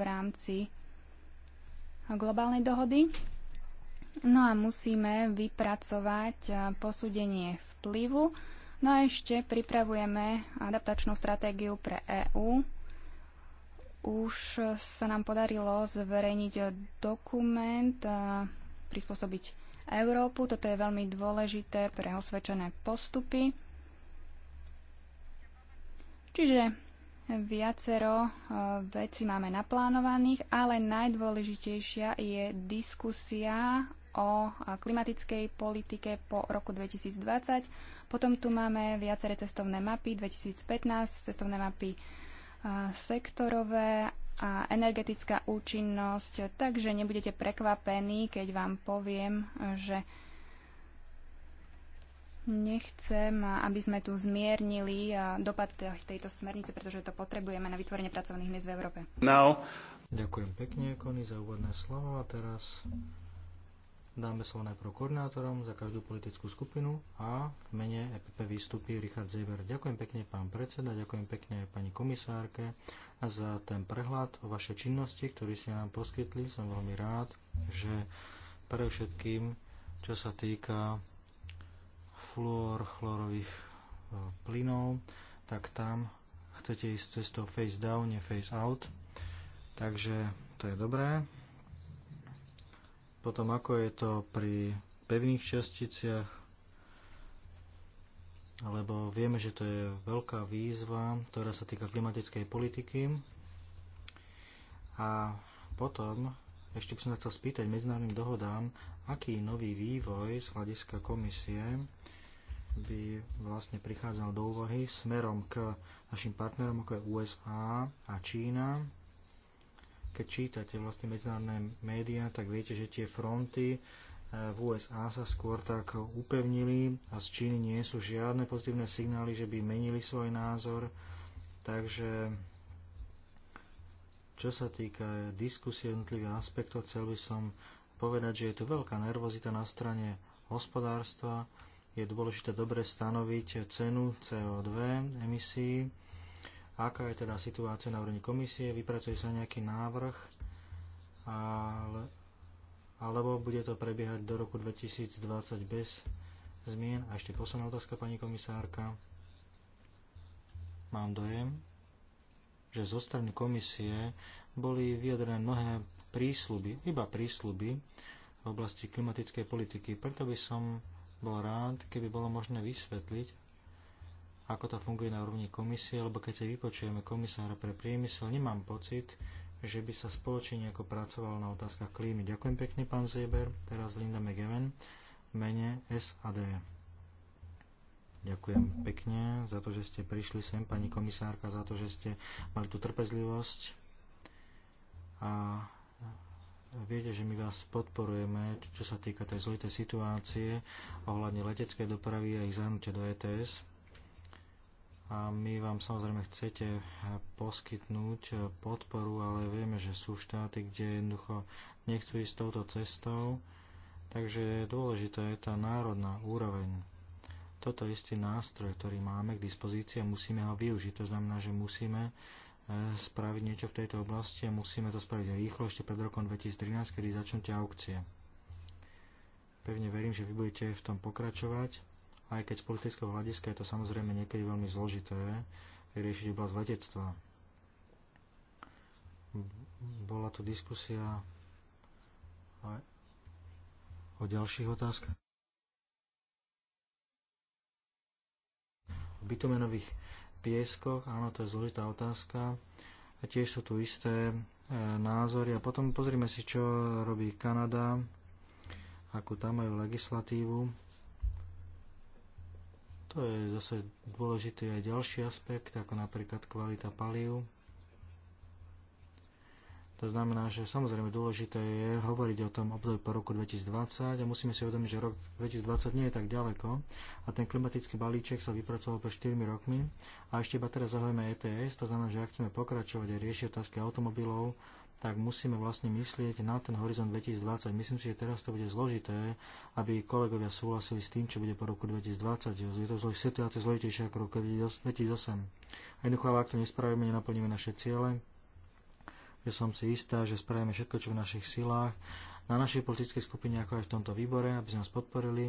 v rámci globálnej dohody. No a musíme vypracovať posúdenie vplyvu. No a ešte pripravujeme adaptačnú stratégiu pre EÚ. Už sa nám podarilo zverejniť dokument prispôsobiť Európu. Toto je veľmi dôležité pre osvedčené postupy. Čiže Viacero e, veci máme naplánovaných, ale najdôležitejšia je diskusia o e, klimatickej politike po roku 2020. Potom tu máme viaceré cestovné mapy 2015, cestovné mapy e, sektorové a energetická účinnosť, takže nebudete prekvapení, keď vám poviem, že Nechcem, aby sme tu zmiernili dopad tejto smernice, pretože to potrebujeme na vytvorenie pracovných miest v Európe. No. Ďakujem pekne, Kony, za úvodné slovo a teraz dáme slovo najprv koordinátorom za každú politickú skupinu a v mene EPP vystupí Richard Zeber. Ďakujem pekne pán predseda, ďakujem pekne aj pani komisárke a za ten prehľad o vašej činnosti, ktorý ste nám poskytli. Som veľmi rád, že pre všetkým, čo sa týka fluor, chlorových e, plynov, tak tam chcete ísť cestou face down, nie face out. Takže to je dobré. Potom ako je to pri pevných časticiach, lebo vieme, že to je veľká výzva, ktorá sa týka klimatickej politiky. A potom ešte by som sa chcel spýtať medzinárodným dohodám, aký nový vývoj z hľadiska komisie by vlastne prichádzal do úvahy smerom k našim partnerom, ako je USA a Čína. Keď čítate vlastne medzinárodné médiá, tak viete, že tie fronty eh, v USA sa skôr tak upevnili a z Číny nie sú žiadne pozitívne signály, že by menili svoj názor. Takže čo sa týka diskusie jednotlivých aspektov, chcel by som povedať, že je tu veľká nervozita na strane hospodárstva, je dôležité dobre stanoviť cenu CO2 emisí. Aká je teda situácia na úrovni komisie? Vypracuje sa nejaký návrh? Ale, alebo bude to prebiehať do roku 2020 bez zmien? A ešte posledná otázka, pani komisárka. Mám dojem, že zo strany komisie boli vyjadrené mnohé prísľuby, iba prísľuby v oblasti klimatickej politiky. Preto by som bol rád, keby bolo možné vysvetliť, ako to funguje na úrovni komisie, lebo keď si vypočujeme komisára pre priemysel, nemám pocit, že by sa spoločne nejako pracovalo na otázkach klímy. Ďakujem pekne, pán Zeber. Teraz Linda McGeven mene SAD. Ďakujem pekne za to, že ste prišli sem, pani komisárka, za to, že ste mali tú trpezlivosť a Viete, že my vás podporujeme, čo sa týka tej zložitej situácie ohľadne leteckej dopravy a ich zahrnutia do ETS. A my vám samozrejme chcete poskytnúť podporu, ale vieme, že sú štáty, kde jednoducho nechcú ísť touto cestou. Takže dôležitá je tá národná úroveň. Toto je istý nástroj, ktorý máme k dispozícii a musíme ho využiť. To znamená, že musíme spraviť niečo v tejto oblasti a musíme to spraviť rýchlo, ešte pred rokom 2013, kedy začnú tie aukcie. Pevne verím, že vy budete v tom pokračovať, aj keď z politického hľadiska je to samozrejme niekedy veľmi zložité riešiť oblasť letectva. Bola tu diskusia o ďalších otázkach. O bitumenových pieskoch, áno, to je zložitá otázka. A tiež sú tu isté e, názory. A potom pozrime si, čo robí Kanada, akú tam majú legislatívu. To je zase dôležitý aj ďalší aspekt, ako napríklad kvalita palív. To znamená, že samozrejme dôležité je hovoriť o tom období po roku 2020 a musíme si uvedomiť, že rok 2020 nie je tak ďaleko a ten klimatický balíček sa vypracoval pred 4 rokmi a ešte iba teraz zahojíme ETS, to znamená, že ak chceme pokračovať a riešiť otázky automobilov, tak musíme vlastne myslieť na ten horizont 2020. Myslím si, že teraz to bude zložité, aby kolegovia súhlasili s tým, čo bude po roku 2020. Je to zlož, situácia zložitejšia ako roku 2008. A jednoducho, ak to nespravíme, nenaplníme naše ciele, že som si istá, že spravíme všetko, čo v našich silách, na našej politickej skupine, ako aj v tomto výbore, aby sme nás podporili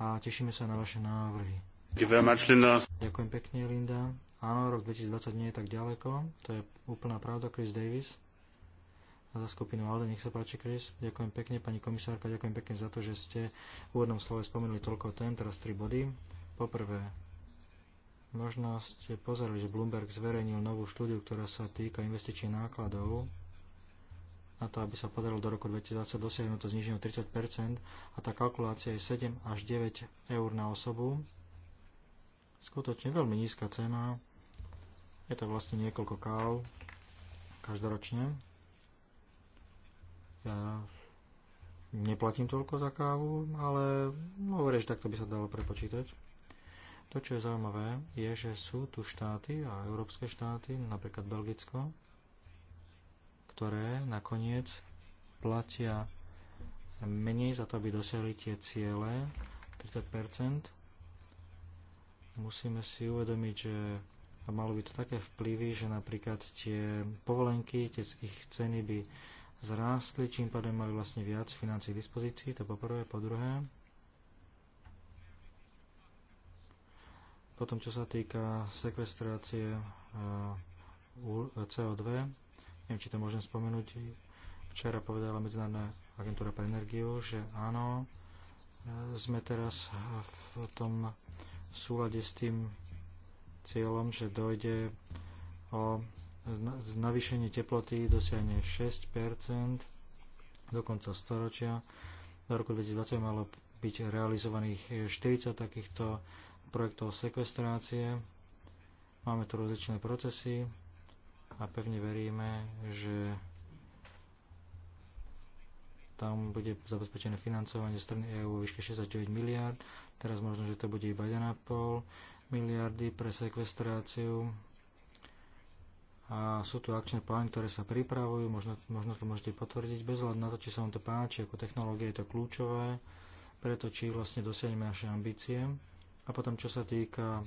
a tešíme sa na vaše návrhy. Ďakujem pekne, Linda. Áno, rok 2020 nie je tak ďaleko, to je úplná pravda, Chris Davis. A za skupinu Alde, nech sa páči, Chris. Ďakujem pekne, pani komisárka, ďakujem pekne za to, že ste v úvodnom slove spomenuli toľko tém, teraz tri body. Poprvé, Možno ste pozerali, že Bloomberg zverejnil novú štúdiu, ktorá sa týka investičných nákladov na to, aby sa podarilo do roku 2020 dosiahnuť to zniženie o 30 a tá kalkulácia je 7 až 9 eur na osobu. Skutočne veľmi nízka cena. Je to vlastne niekoľko káv každoročne. Ja neplatím toľko za kávu, ale hovorím, že takto by sa dalo prepočítať. To, čo je zaujímavé, je, že sú tu štáty a európske štáty, napríklad Belgicko, ktoré nakoniec platia menej za to, aby dosiahli tie ciele 30 Musíme si uvedomiť, že malo by to také vplyvy, že napríklad tie povolenky, tie ich ceny by zrástli, čím pádem mali vlastne viac financí k dispozícii, to po prvé, po druhé Potom, čo sa týka sekvestrácie eh, CO2, neviem, či to môžem spomenúť, včera povedala Medzinárodná agentúra pre energiu, že áno, eh, sme teraz v tom súlade s tým cieľom, že dojde o navýšenie teploty dosiahne 6 do konca storočia. Do roku 2020 malo byť realizovaných 40 takýchto projektov sekvestrácie. Máme tu rozličné procesy a pevne veríme, že tam bude zabezpečené financovanie strany EÚ vo výške 69 miliard. Teraz možno, že to bude iba 1,5 miliardy pre sekvestráciu. A sú tu akčné plány, ktoré sa pripravujú, možno, možno to môžete potvrdiť. Bez hľadu na to, či sa vám to páči, ako technológia je to kľúčové, preto či vlastne dosiahneme naše ambície. A potom, čo sa týka eh,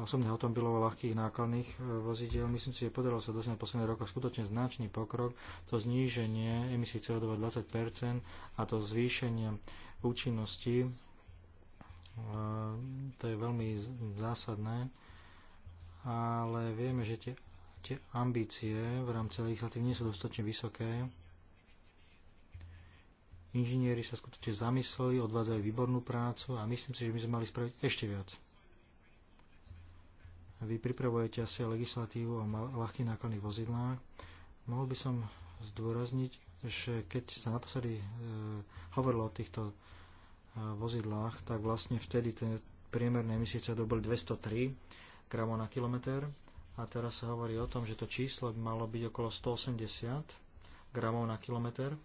osobných automobilov a ľahkých nákladných eh, vozidiel. Myslím si, že podarilo sa dosť v posledných rokoch skutočne značný pokrok, to zníženie emisí CO2 20 a to zvýšenie účinnosti, eh, to je veľmi zásadné, ale vieme, že tie, tie ambície v rámci legislatívy nie sú dostatočne vysoké Inžinieri sa skutočne zamysleli, odvádzajú výbornú prácu a myslím si, že my sme mali spraviť ešte viac. Vy pripravujete asi legislatívu o ľahkých nákladných vozidlách. Mohol by som zdôrazniť, že keď sa naposledy e, hovorilo o týchto e, vozidlách, tak vlastne vtedy ten priemerné emisie CO2 boli 203 gramov na kilometr a teraz sa hovorí o tom, že to číslo by malo byť okolo 180 gramov na kilometr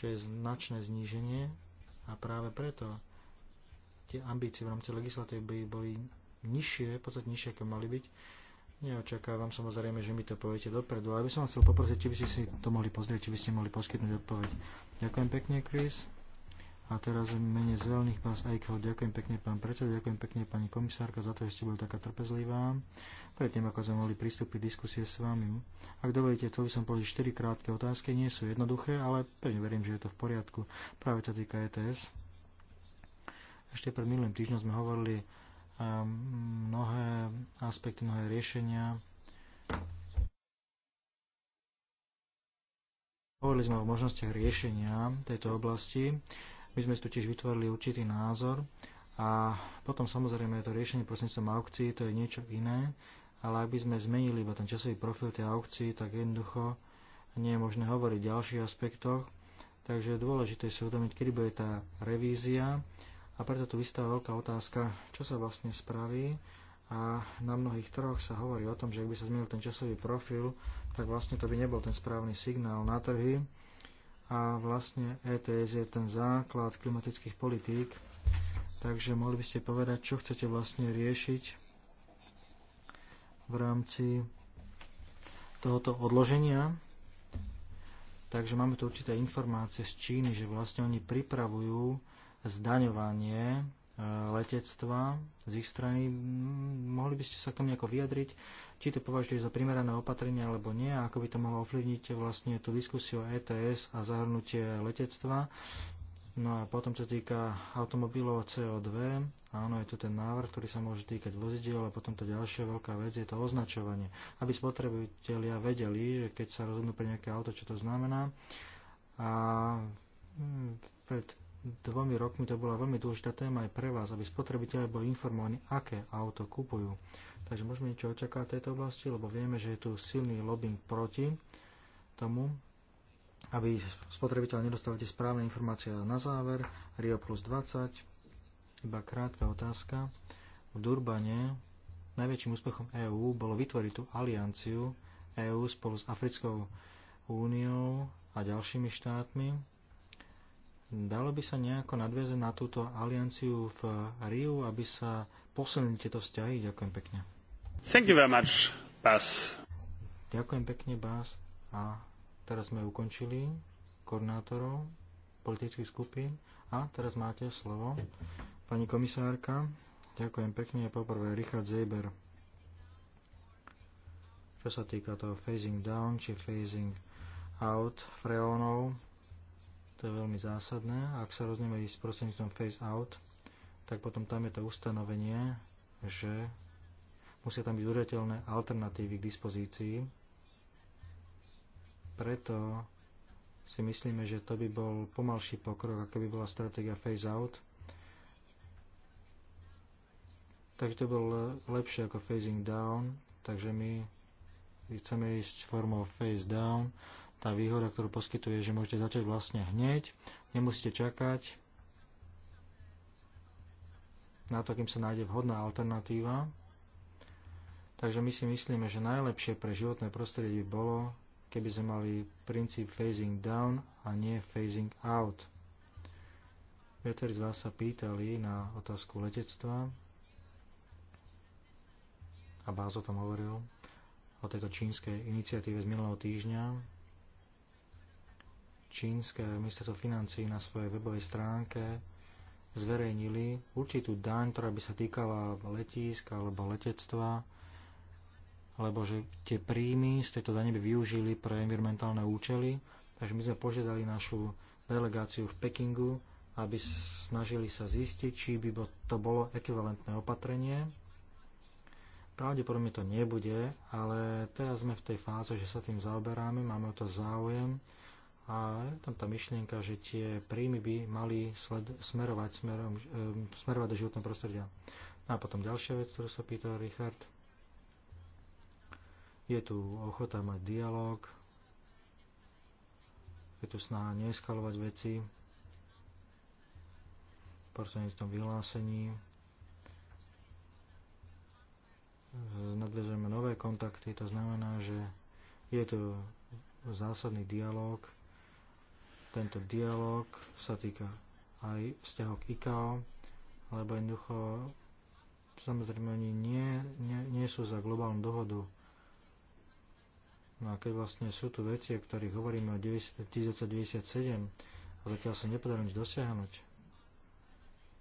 čo je značné zníženie a práve preto tie ambície v rámci legislatívy by boli nižšie, v podstate nižšie, ako mali byť. Neočakávam samozrejme, že mi to poviete dopredu, ale by som chcel poprosiť, či by ste si to mohli pozrieť, či by ste mohli poskytnúť odpoveď. Ďakujem pekne, Chris. A teraz v mene zelených pás Eichho. Ďakujem pekne, pán predseda, ďakujem pekne, pani komisárka, za to, že ste boli taká trpezlivá. Predtým, ako sme mohli pristúpiť diskusie s vami. Ak dovolíte, chcel by som položiť 4 krátke otázky. Nie sú jednoduché, ale pevne verím, že je to v poriadku. Práve sa týka ETS. Ešte pred minulým týždňom sme hovorili um, mnohé aspekty, mnohé riešenia. Hovorili sme o možnostiach riešenia tejto oblasti. My sme si totiž vytvorili určitý názor a potom samozrejme to riešenie prostredníctvom aukcií to je niečo iné, ale ak by sme zmenili iba ten časový profil tej aukcií, tak jednoducho nie je možné hovoriť o ďalších aspektoch, takže je dôležité si uvedomiť, kedy bude tá revízia a preto tu vystáva veľká otázka, čo sa vlastne spraví a na mnohých trhoch sa hovorí o tom, že ak by sa zmenil ten časový profil, tak vlastne to by nebol ten správny signál na trhy, a vlastne ETS je ten základ klimatických politík. Takže mohli by ste povedať, čo chcete vlastne riešiť v rámci tohoto odloženia. Takže máme tu určité informácie z Číny, že vlastne oni pripravujú zdaňovanie e, letectva z ich strany. Hm, mohli by ste sa k tomu nejako vyjadriť? či to považuje za primerané opatrenie alebo nie, a ako by to mohlo ovplyvniť vlastne tú diskusiu o ETS a zahrnutie letectva. No a potom, čo týka automobilov CO2, áno, je tu ten návrh, ktorý sa môže týkať vozidiel, a potom tá ďalšia veľká vec je to označovanie. Aby spotrebitelia vedeli, že keď sa rozhodnú pre nejaké auto, čo to znamená. A hm, pred dvomi rokmi to bola veľmi dôležitá téma aj pre vás, aby spotrebitelia boli informovaní, aké auto kupujú. Takže môžeme niečo očakávať v tejto oblasti, lebo vieme, že je tu silný lobbying proti tomu, aby spotrebiteľ nedostal tie správne informácie na záver. Rio plus 20, iba krátka otázka. V Durbane najväčším úspechom EÚ bolo vytvoriť tú alianciu EÚ spolu s Africkou úniou a ďalšími štátmi. Dalo by sa nejako nadviazať na túto alianciu v Riu, aby sa posilnili tieto vzťahy? Ďakujem pekne. Thank you very much, Bas. Ďakujem pekne, Bas. A teraz sme ukončili koordinátorov politických skupín. A teraz máte slovo. Pani komisárka, ďakujem pekne. Poprvé Richard Zeber. Čo sa týka toho phasing down či phasing out freónov, to je veľmi zásadné. Ak sa rozhodneme ísť prostredníctvom phase out, tak potom tam je to ustanovenie, že Musia tam byť udržateľné alternatívy k dispozícii. Preto si myslíme, že to by bol pomalší pokrok, ako by bola stratégia phase out. Takže to bol lepšie ako phasing down, takže my chceme ísť formou phase down. Tá výhoda, ktorú poskytuje, že môžete začať vlastne hneď, nemusíte čakať, na to, kým sa nájde vhodná alternatíva. Takže my si myslíme, že najlepšie pre životné prostredie by bolo, keby sme mali princíp phasing down a nie phasing out. Viacerí z vás sa pýtali na otázku letectva a Báz o tom hovoril, o tejto čínskej iniciatíve z minulého týždňa. Čínske ministerstvo financí na svojej webovej stránke zverejnili určitú daň, ktorá by sa týkala letísk alebo letectva alebo že tie príjmy z tejto dane by využili pre environmentálne účely. Takže my sme požiadali našu delegáciu v Pekingu, aby snažili sa zistiť, či by to bolo ekvivalentné opatrenie. Pravdepodobne to nebude, ale teraz sme v tej fáze, že sa tým zaoberáme, máme o to záujem a je tam tá myšlienka, že tie príjmy by mali sled, smerovať, smerom, smerovať do životného prostredia. No a potom ďalšia vec, ktorú sa pýtal Richard je tu ochota mať dialog, je tu snaha neeskalovať veci prostredníctvom vyhlásení. Nadvezujeme nové kontakty, to znamená, že je tu zásadný dialog. Tento dialog sa týka aj vzťahov k ICAO, lebo jednoducho samozrejme oni nie, nie, nie sú za globálnu dohodu No a keď vlastne sú tu veci, o ktorých hovoríme od 1997 a zatiaľ sa nepodarilo nič dosiahnuť,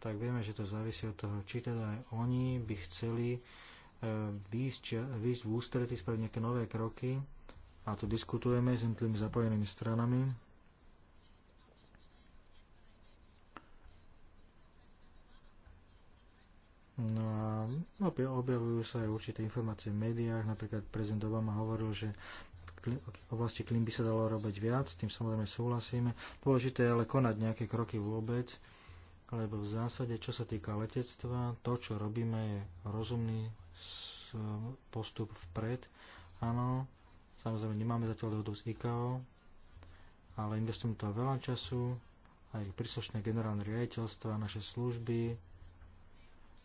tak vieme, že to závisí od toho, či teda aj oni by chceli e, výjsť v ústretí, spraviť nejaké nové kroky a tu diskutujeme s jednotlivými zapojenými stranami No a objavujú sa aj určité informácie v médiách, napríklad prezident Obama hovoril, že v oblasti klím by sa dalo robiť viac, tým samozrejme súhlasíme. Dôležité je ale konať nejaké kroky vôbec, lebo v zásade, čo sa týka letectva, to, čo robíme, je rozumný postup vpred. Áno, samozrejme nemáme zatiaľ dohodu s ICAO, ale investujeme to veľa času, aj príslušné generálne riaditeľstva, naše služby,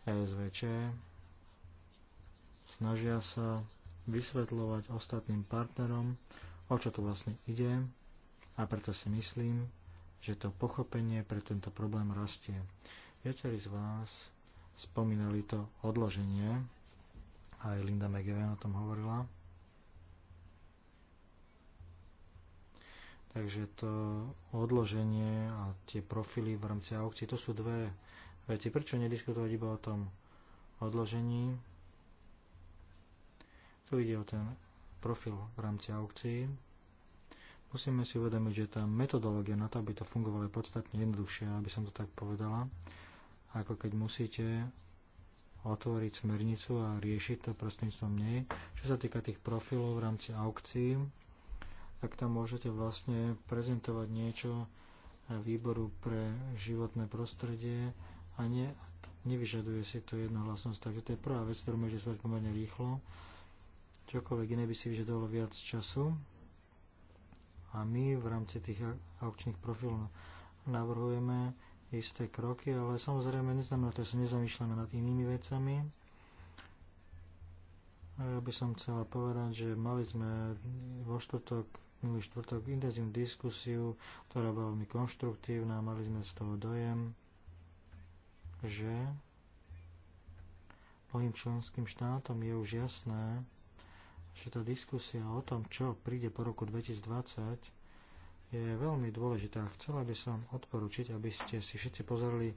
E SVČ snažia sa vysvetľovať ostatným partnerom, o čo tu vlastne ide a preto si myslím, že to pochopenie pre tento problém rastie. Viacerí z vás spomínali to odloženie, aj Linda McGeven o tom hovorila. Takže to odloženie a tie profily v rámci aukcie, to sú dve veci. Prečo nediskutovať iba o tom odložení? Tu ide o ten profil v rámci aukcií. Musíme si uvedomiť, že tá metodológia na to, aby to fungovalo, je podstatne jednoduchšia, aby som to tak povedala, ako keď musíte otvoriť smernicu a riešiť to prostredníctvom nej. Čo sa týka tých profilov v rámci aukcií, tak tam môžete vlastne prezentovať niečo výboru pre životné prostredie, a ne, nevyžaduje si to jednohlasnosť. Takže to je prvá vec, ktorú môže zvať pomerne rýchlo. Čokoľvek iné by si vyžadovalo viac času. A my v rámci tých aukčných profilov navrhujeme isté kroky, ale samozrejme neznamená to, že sa nezamýšľame nad inými vecami. A ja by som chcela povedať, že mali sme vo štvrtok, minulý štvrtok intenzívnu diskusiu, ktorá bola veľmi konštruktívna, mali sme z toho dojem že mnohým členským štátom je už jasné, že tá diskusia o tom, čo príde po roku 2020, je veľmi dôležitá. Chcela by som odporučiť, aby ste si všetci pozerali e,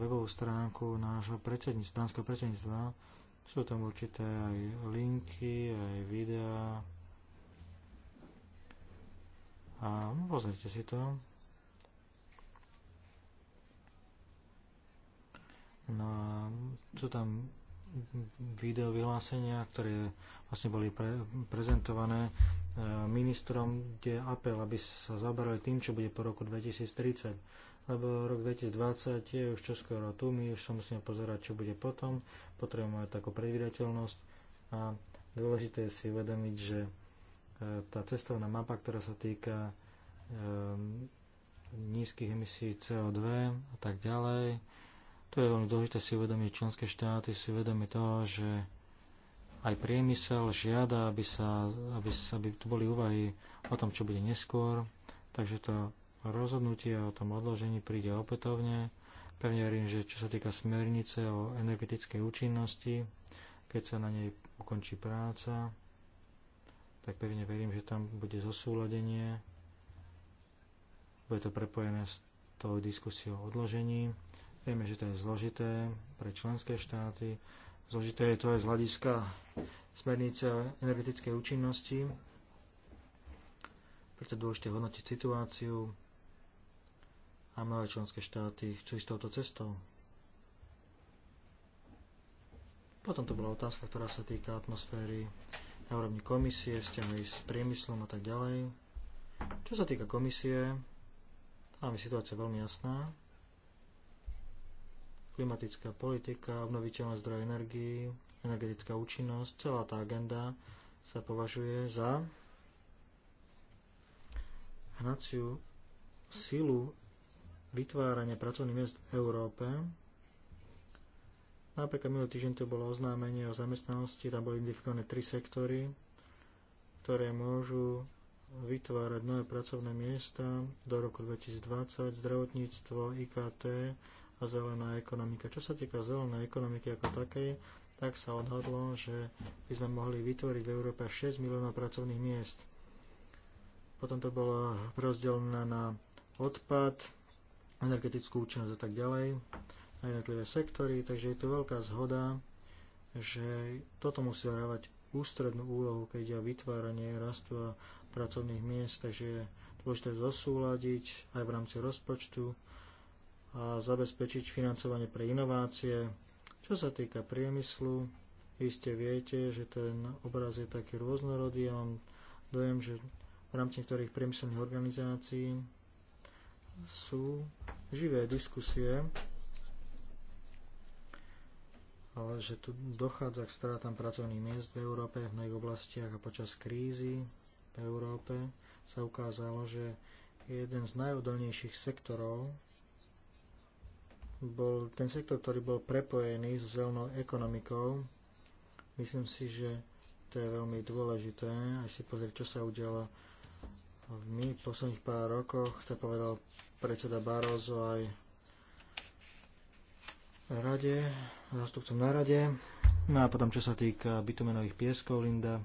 webovú stránku nášho predsedníctva, dánskeho predsedníctva. Sú tam určité aj linky, aj videá. A pozrite si to. No a sú tam video vyhlásenia, ktoré vlastne boli pre, prezentované e, ministrom, kde apel, aby sa zabrali tým, čo bude po roku 2030. Lebo rok 2020 je už čoskoro tu, my už sa musíme pozerať, čo bude potom, potrebujeme mať takú predvídateľnosť. a dôležité je si uvedomiť, že e, tá cestovná mapa, ktorá sa týka e, nízkych emisí CO2 a tak ďalej, to je veľmi dôležité si uvedomiť, členské štáty si uvedomiť to, že aj priemysel žiada, aby, sa, aby, sa, aby tu boli úvahy o tom, čo bude neskôr. Takže to rozhodnutie o tom odložení príde opätovne. Pevne verím, že čo sa týka smernice o energetickej účinnosti, keď sa na nej ukončí práca, tak pevne verím, že tam bude zosúladenie. Bude to prepojené s tou diskusiou o odložení. Vieme, že to je zložité pre členské štáty. Zložité je to aj z hľadiska smernice energetickej účinnosti. Preto dôležité hodnotiť situáciu a mnohé členské štáty chcú ísť touto cestou. Potom to bola otázka, ktorá sa týka atmosféry na úrovni komisie, vzťahy s priemyslom a tak ďalej. Čo sa týka komisie, tam je situácia veľmi jasná klimatická politika, obnoviteľné zdroje energii, energetická účinnosť, celá tá agenda sa považuje za hnaciu silu vytvárania pracovných miest v Európe. Napríklad minulý týždeň tu bolo oznámenie o zamestnanosti, tam boli identifikované tri sektory, ktoré môžu vytvárať nové pracovné miesta do roku 2020, zdravotníctvo, IKT a zelená ekonomika. Čo sa týka zelenej ekonomiky ako takej, tak sa odhadlo, že by sme mohli vytvoriť v Európe 6 miliónov pracovných miest. Potom to bolo rozdelené na odpad, energetickú účinnosť a tak ďalej, na jednotlivé sektory, takže je tu veľká zhoda, že toto musí hrávať ústrednú úlohu, keď ide o vytváranie rastu a pracovných miest, takže je dôležité zosúľadiť aj v rámci rozpočtu a zabezpečiť financovanie pre inovácie. Čo sa týka priemyslu, iste viete, že ten obraz je taký rôznorodý. Ja mám dojem, že v rámci niektorých priemyselných organizácií sú živé diskusie, ale že tu dochádza k stratám pracovných miest v Európe, v mnohých oblastiach a počas krízy v Európe sa ukázalo, že jeden z najodolnejších sektorov bol ten sektor, ktorý bol prepojený so zelenou ekonomikou. Myslím si, že to je veľmi dôležité. Aj si pozrieť, čo sa udialo v my posledných pár rokoch. To povedal predseda Barozo aj rade, zástupcom na rade. No a potom, čo sa týka bitumenových pieskov, Linda,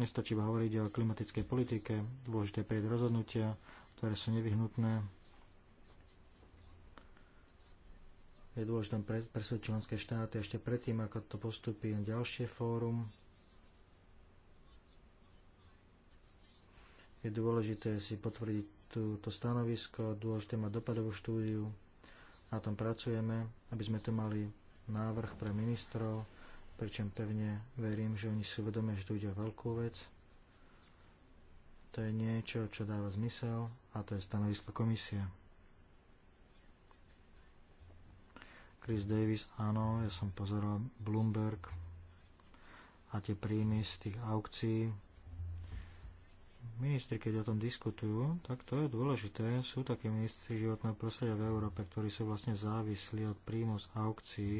nestačí iba hovoriť o klimatickej politike, dôležité prieť rozhodnutia, ktoré sú nevyhnutné. Je dôležité presvedčiť členské štáty ešte predtým, ako to postupí na ďalšie fórum. Je dôležité si potvrdiť túto stanovisko, dôležité mať dopadovú štúdiu. Na tom pracujeme, aby sme tu mali návrh pre ministrov, pričom pevne verím, že oni sú vedomé, že tu ide o veľkú vec. To je niečo, čo dáva zmysel a to je stanovisko komisie. Chris Davis, áno, ja som pozeral Bloomberg a tie príjmy z tých aukcií. Ministri, keď o tom diskutujú, tak to je dôležité. Sú takí ministri životného prostredia v Európe, ktorí sú vlastne závislí od príjmu z aukcií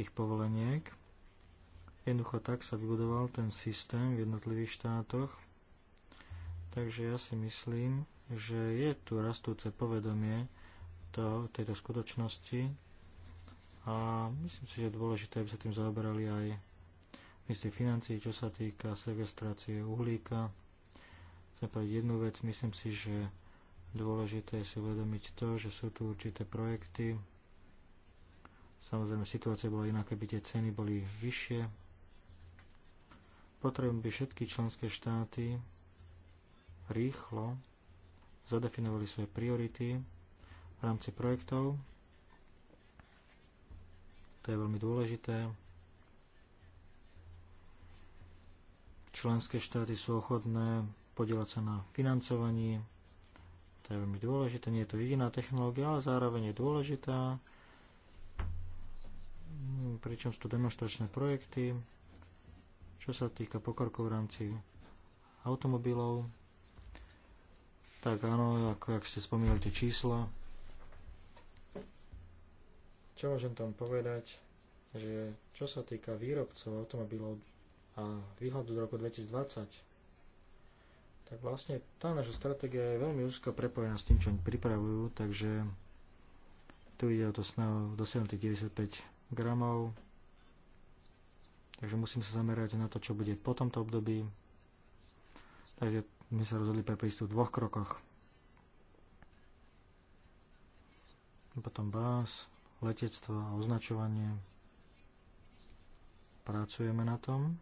tých povoleniek. Jednoducho tak sa vybudoval ten systém v jednotlivých štátoch. Takže ja si myslím, že je tu rastúce povedomie to, tejto skutočnosti a myslím si, že je dôležité, aby sa tým zaoberali aj ministri financí, čo sa týka sekvestrácie uhlíka. Chcem povedať jednu vec, myslím si, že dôležité je si uvedomiť to, že sú tu určité projekty. Samozrejme, situácia bola iná, keby tie ceny boli vyššie. Potrebujem by všetky členské štáty rýchlo zadefinovali svoje priority v rámci projektov. To je veľmi dôležité. Členské štáty sú ochotné podielať sa na financovaní. To je veľmi dôležité. Nie je to jediná technológia, ale zároveň je dôležitá. Pričom sú tu demonstračné projekty. Čo sa týka pokrokov v rámci automobilov, tak áno, ako, ak ste spomínali tie čísla. Čo môžem tam povedať, že čo sa týka výrobcov automobilov a výhľadu do roku 2020, tak vlastne tá naša stratégia je veľmi úzko prepojená s tým, čo oni pripravujú, takže tu ide o to snahu do 95 gramov, takže musím sa zamerať na to, čo bude po tomto období. Takže my sa rozhodli pre prístup v dvoch krokoch. Potom bás, letectvo a označovanie. Pracujeme na tom.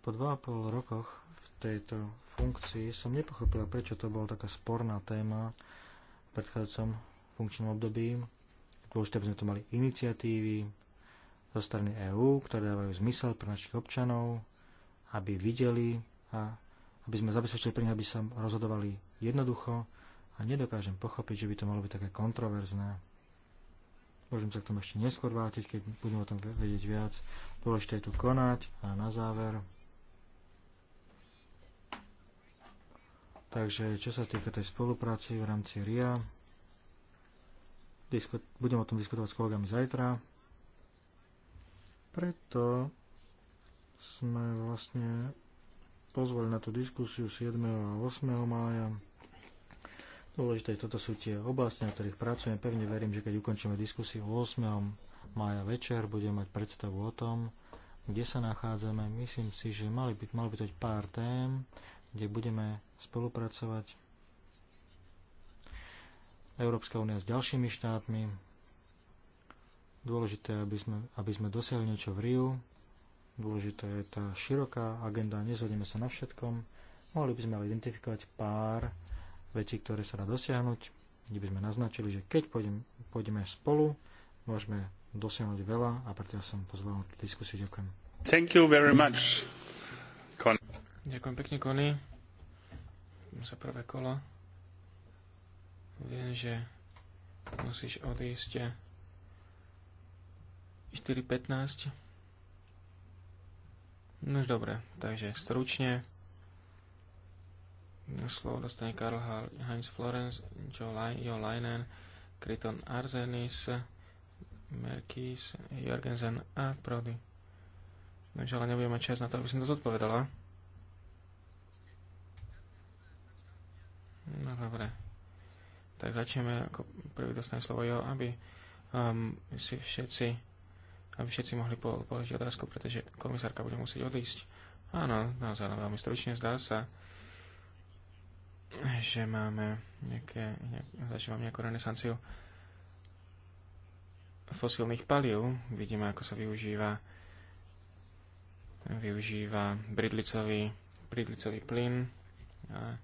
Po dva a pol rokoch v tejto funkcii som nepochopila, prečo to bola taká sporná téma v predchádzajúcom funkčnom období. Dôležité, aby sme tu mali iniciatívy zo strany EÚ, ktoré dávajú zmysel pre našich občanov aby videli a aby sme zabezpečili pre nich, aby sa rozhodovali jednoducho a nedokážem pochopiť, že by to malo byť také kontroverzné. Môžem sa k tomu ešte neskôr vrátiť, keď budem o tom vedieť viac. Dôležité je tu konať a na záver. Takže čo sa týka tej spolupráci v rámci RIA, budem o tom diskutovať s kolegami zajtra. Preto sme vlastne pozvali na tú diskusiu 7. a 8. mája. Dôležité, toto sú tie oblasti, na ktorých pracujem. Pevne verím, že keď ukončíme diskusiu 8. mája večer, budeme mať predstavu o tom, kde sa nachádzame. Myslím si, že mali by, mali by pár tém, kde budeme spolupracovať Európska únia s ďalšími štátmi. Dôležité, aby sme, aby sme dosiahli niečo v Riu Dôležitá je tá široká agenda, nezhodneme sa na všetkom. Mohli by sme ale identifikovať pár vecí, ktoré sa dá dosiahnuť, kde by sme naznačili, že keď pôjdem, pôjdeme spolu, môžeme dosiahnuť veľa a preto som pozval na tú diskusiu. Ďakujem. Thank you very much, Con. Ďakujem pekne, Kony, za prvé kolo. Viem, že musíš odísť 4.15. No už dobre, takže stručne. Slovo dostane Karl Heinz Florence, Joe Leinen, Kryton Arzenis, Merkis, Jorgensen a Prody. Takže ale nebudeme mať čas na to, aby som to zodpovedala. No dobre. Tak začneme ako prvý dostane slovo Jo, aby um, si všetci aby všetci mohli položiť otázku, pretože komisárka bude musieť odísť. Áno, naozaj no, veľmi stručne zdá sa, že máme nejaké, nejak, zažívame nejakú renesanciu fosílnych palív. Vidíme, ako sa využíva využíva bridlicový, bridlicový plyn a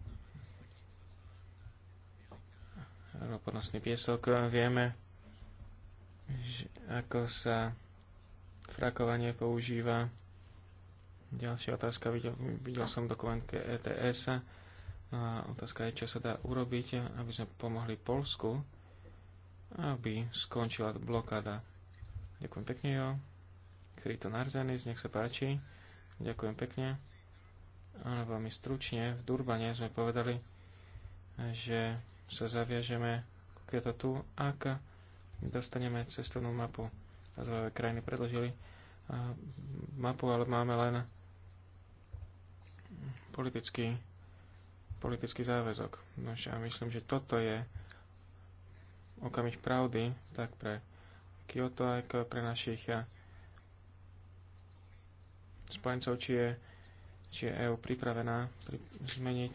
ropodnostný piesok. Vieme, že ako sa frakovanie používa. Ďalšia otázka, videl, videl som dokument ke ETS. No a otázka je, čo sa dá urobiť, aby sme pomohli Polsku, aby skončila blokáda. Ďakujem pekne, jo. Kryto Narzenis, nech sa páči. Ďakujem pekne. Áno, veľmi stručne. V Durbane sme povedali, že sa zaviažeme, keď to tu, ak dostaneme cestovnú mapu rozvojové krajiny predložili mapu, ale máme len politický, politický záväzok. No a myslím, že toto je okamih pravdy, tak pre Kyoto, ako pre našich spojencov, či je, či je EU pripravená pri, zmeniť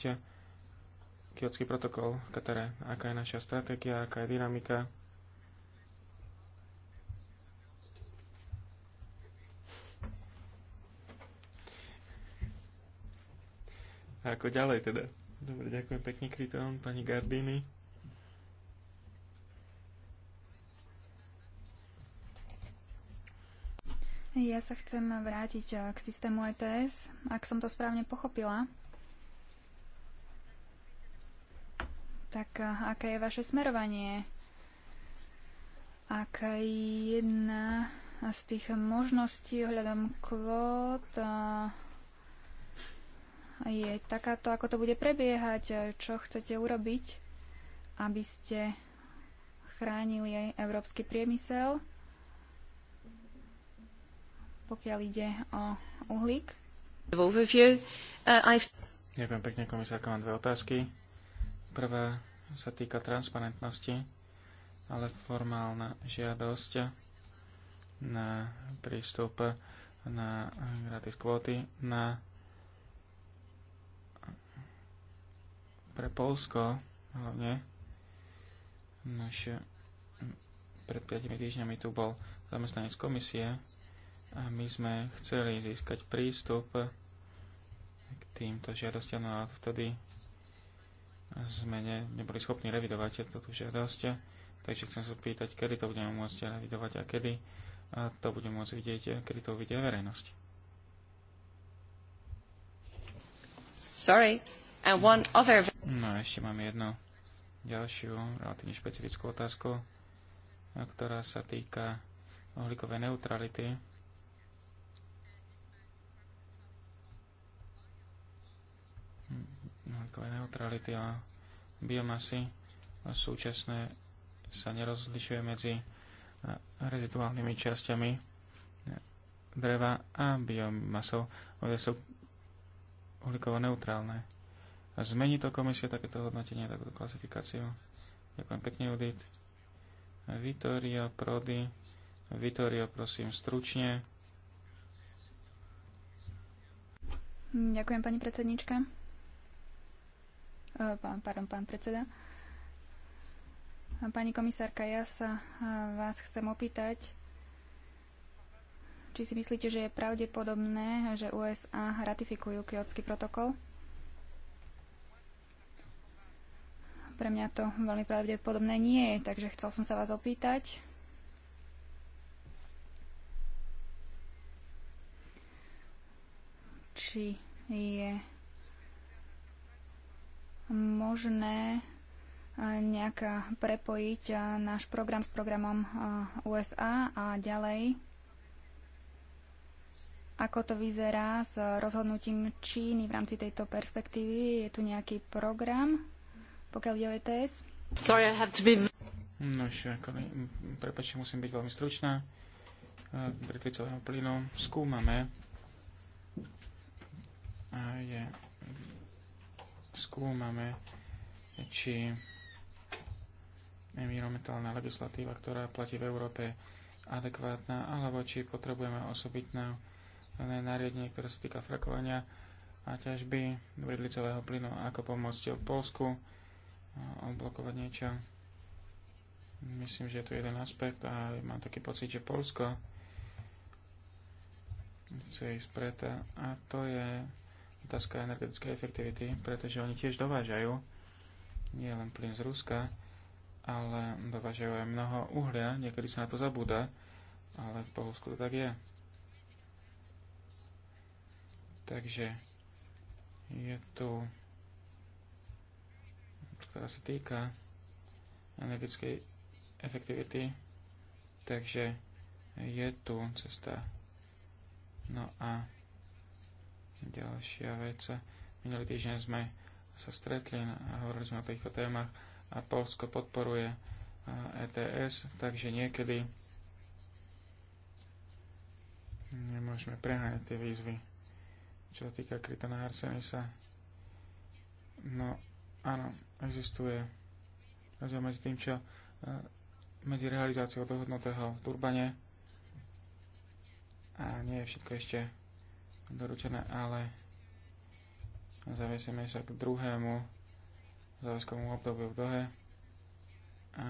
Kyotský protokol ktoré, Aká je naša stratégia, aká je dynamika, A ako ďalej teda? Dobre, ďakujem pekne, Kryton, pani Gardini. Ja sa chcem vrátiť eh, k systému ETS, ak som to správne pochopila. Tak eh, aké je vaše smerovanie? Aká je jedna z tých možností ohľadom kvót? Eh, je takáto, ako to bude prebiehať, čo chcete urobiť, aby ste chránili aj európsky priemysel, pokiaľ ide o uhlík. Uh, Ďakujem pekne, komisárka, mám dve otázky. Prvá sa týka transparentnosti, ale formálna žiadosť na prístup na gratis kvóty na pre Polsko hlavne. naše pred 5 týždňami tu bol zamestnanec komisie a my sme chceli získať prístup k týmto žiadostiam no a vtedy sme ne, neboli schopní revidovať tieto žiadosť. Takže chcem sa pýtať, kedy to budeme môcť revidovať a kedy a to budeme môcť vidieť, kedy to uvidí verejnosť. Sorry. And one other... No a ešte mám jednu ďalšiu relatívne špecifickú otázku, ktorá sa týka uhlíkovej neutrality. Hm, uhlíkovej neutrality a biomasy súčasné sa nerozlišuje medzi reziduálnymi časťami dreva a biomasou, ktoré sú uhlíkovo neutrálne. Zmení to komisia takéto hodnotenie, takúto klasifikáciu. Ďakujem pekne, Judit. Vitoria Prody. Vitoria, prosím, stručne. Ďakujem, pani predsednička. Pán, pardon, pán predseda. Pani komisárka, ja sa vás chcem opýtať, či si myslíte, že je pravdepodobné, že USA ratifikujú kiotský protokol? Pre mňa to veľmi pravdepodobné nie je, takže chcel som sa vás opýtať. Či je možné nejak prepojiť náš program s programom USA a ďalej ako to vyzerá s rozhodnutím Číny v rámci tejto perspektívy? Je tu nejaký program? pokiaľ ide o ETS. Sorry, I have to be... No prepáčte, musím byť veľmi stručná. E, Britlicového plynu skúmame. A je, skúmame, či environmentálna legislatíva, ktorá platí v Európe, adekvátna, alebo či potrebujeme osobitné e, nariadenie, ktoré sa týka frakovania a ťažby bridlicového plynu, ako pomôcť Polsku odblokovať niečo. Myslím, že je tu jeden aspekt a mám taký pocit, že Polsko chce ísť preto a to je otázka energetické efektivity, pretože oni tiež dovážajú nie len plyn z Ruska, ale dovážajú aj mnoho uhlia, niekedy sa na to zabúda, ale v Polsku to tak je. Takže je tu ktorá sa týka energetickej efektivity. Takže je tu cesta. No a ďalšia vec. Minulý týždeň sme sa stretli a hovorili sme o týchto témach a Polsko podporuje ETS, takže niekedy nemôžeme preháňať tie výzvy. Čo sa týka Krytana Arsenisa, no áno, existuje rozdiel medzi tým, čo e, medzi realizáciou dohodnutého v Durbane a nie je všetko ešte doručené, ale zaviesieme sa k druhému záväzkovému obdobiu v Dohe a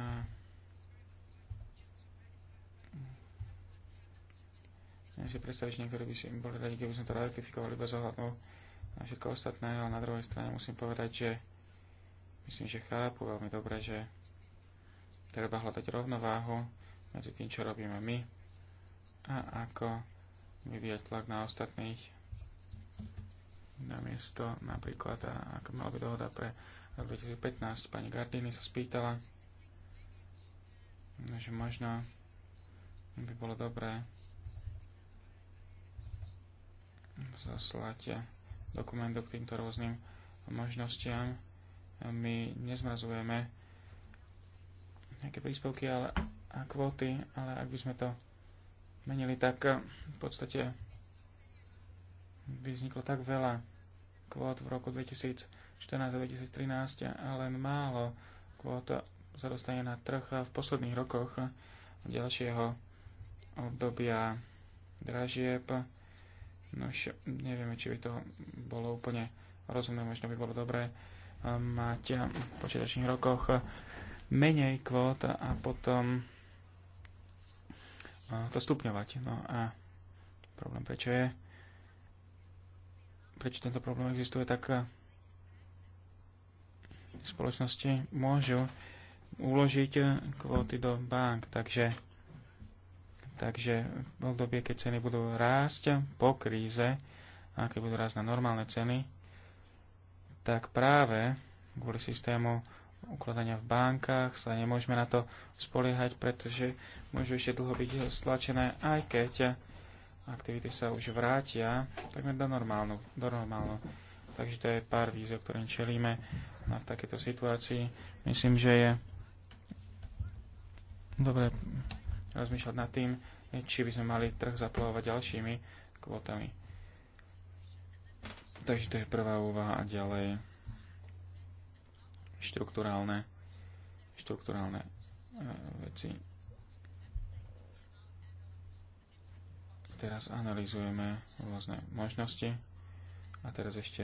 Ja si predstaviť, že niektorí by si boli radi, keby sme to ratifikovali bez ohľadu na všetko ostatné, ale na druhej strane musím povedať, že Myslím, že chápu veľmi dobre, že treba hľadať rovnováhu medzi tým, čo robíme my a ako vyvíjať tlak na ostatných namiesto napríklad, ako mala by dohoda pre rok 2015, pani Gardini sa spýtala, že možno by bolo dobré zaslať dokument k týmto rôznym možnostiam my nezmrazujeme nejaké príspevky ale, a kvóty, ale ak by sme to menili, tak v podstate by vzniklo tak veľa kvót v roku 2014 a 2013 ale málo kvót sa dostane na trh v posledných rokoch ďalšieho obdobia dražieb. No nevieme, či by to bolo úplne rozumné, možno by bolo dobré mať v počiatočných rokoch menej kvót a potom to stupňovať. No a problém prečo je? Prečo tento problém existuje? Tak e, spoločnosti môžu uložiť e, kvóty do bank, takže Takže v obdobie, keď ceny budú rásť po kríze, a keď budú rásť na normálne ceny, tak práve kvôli systému ukladania v bankách sa nemôžeme na to spoliehať, pretože môžu ešte dlho byť stlačené, aj keď aktivity sa už vrátia takmer do normálnu. Do normálnu. Takže to je pár vízov, ktorým čelíme a v takejto situácii. Myslím, že je dobre rozmýšľať nad tým, či by sme mali trh zaplavovať ďalšími kvotami. Takže to je prvá úvaha a ďalej štruktúrálne, štruktúrálne e, veci. Teraz analizujeme rôzne možnosti. A teraz ešte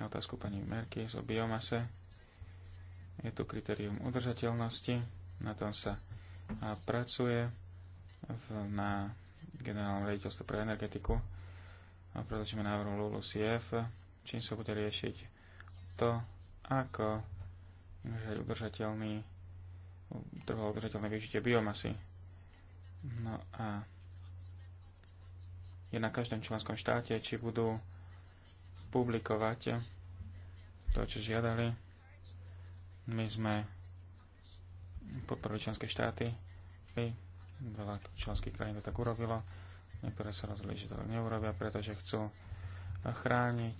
na otázku pani Merky o biomase. Je tu kritérium udržateľnosti, na tom sa pracuje v, na generálnom rediteľstve pre energetiku predložíme návrhu LULUCF, čím sa bude riešiť to, ako udržateľný, trvalo udržateľné využitie biomasy. No a je na každom členskom štáte, či budú publikovať to, čo žiadali. My sme podporili členské štáty, veľa členských krajín to tak urobilo Niektoré sa rozhodli, že to neurobia, pretože chcú chrániť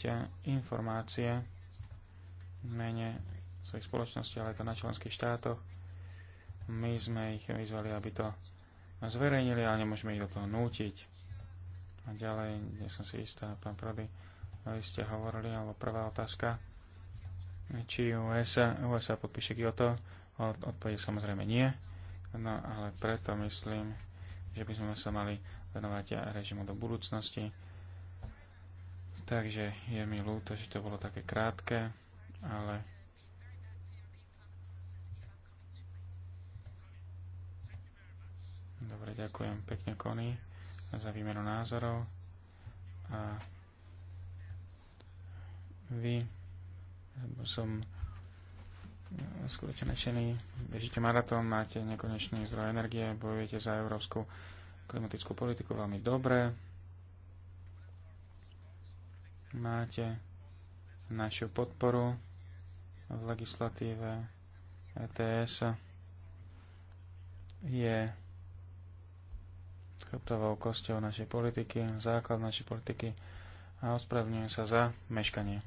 informácie mene svojich spoločností, ale aj to na členských štátoch. My sme ich vyzvali, aby to zverejnili, ale nemôžeme ich do toho nútiť. A ďalej, nie som si istá, pán Prody, vy ste hovorili, alebo prvá otázka, či USA, USA podpíše Kyoto, to, odpovede samozrejme nie, no ale preto myslím, že by sme sa mali venovať režimu do budúcnosti. Takže je mi ľúto, že to bolo také krátke, ale Dobre, ďakujem pekne Kony za výmenu názorov a vy som skutočne nadšený, bežíte maratón, máte nekonečný zdroj energie, bojujete za európsku klimatickú politiku veľmi dobre. Máte našu podporu v legislatíve ETS. Je chrbtovou kosťou našej politiky, základ našej politiky a ospravedlňujem sa za meškanie.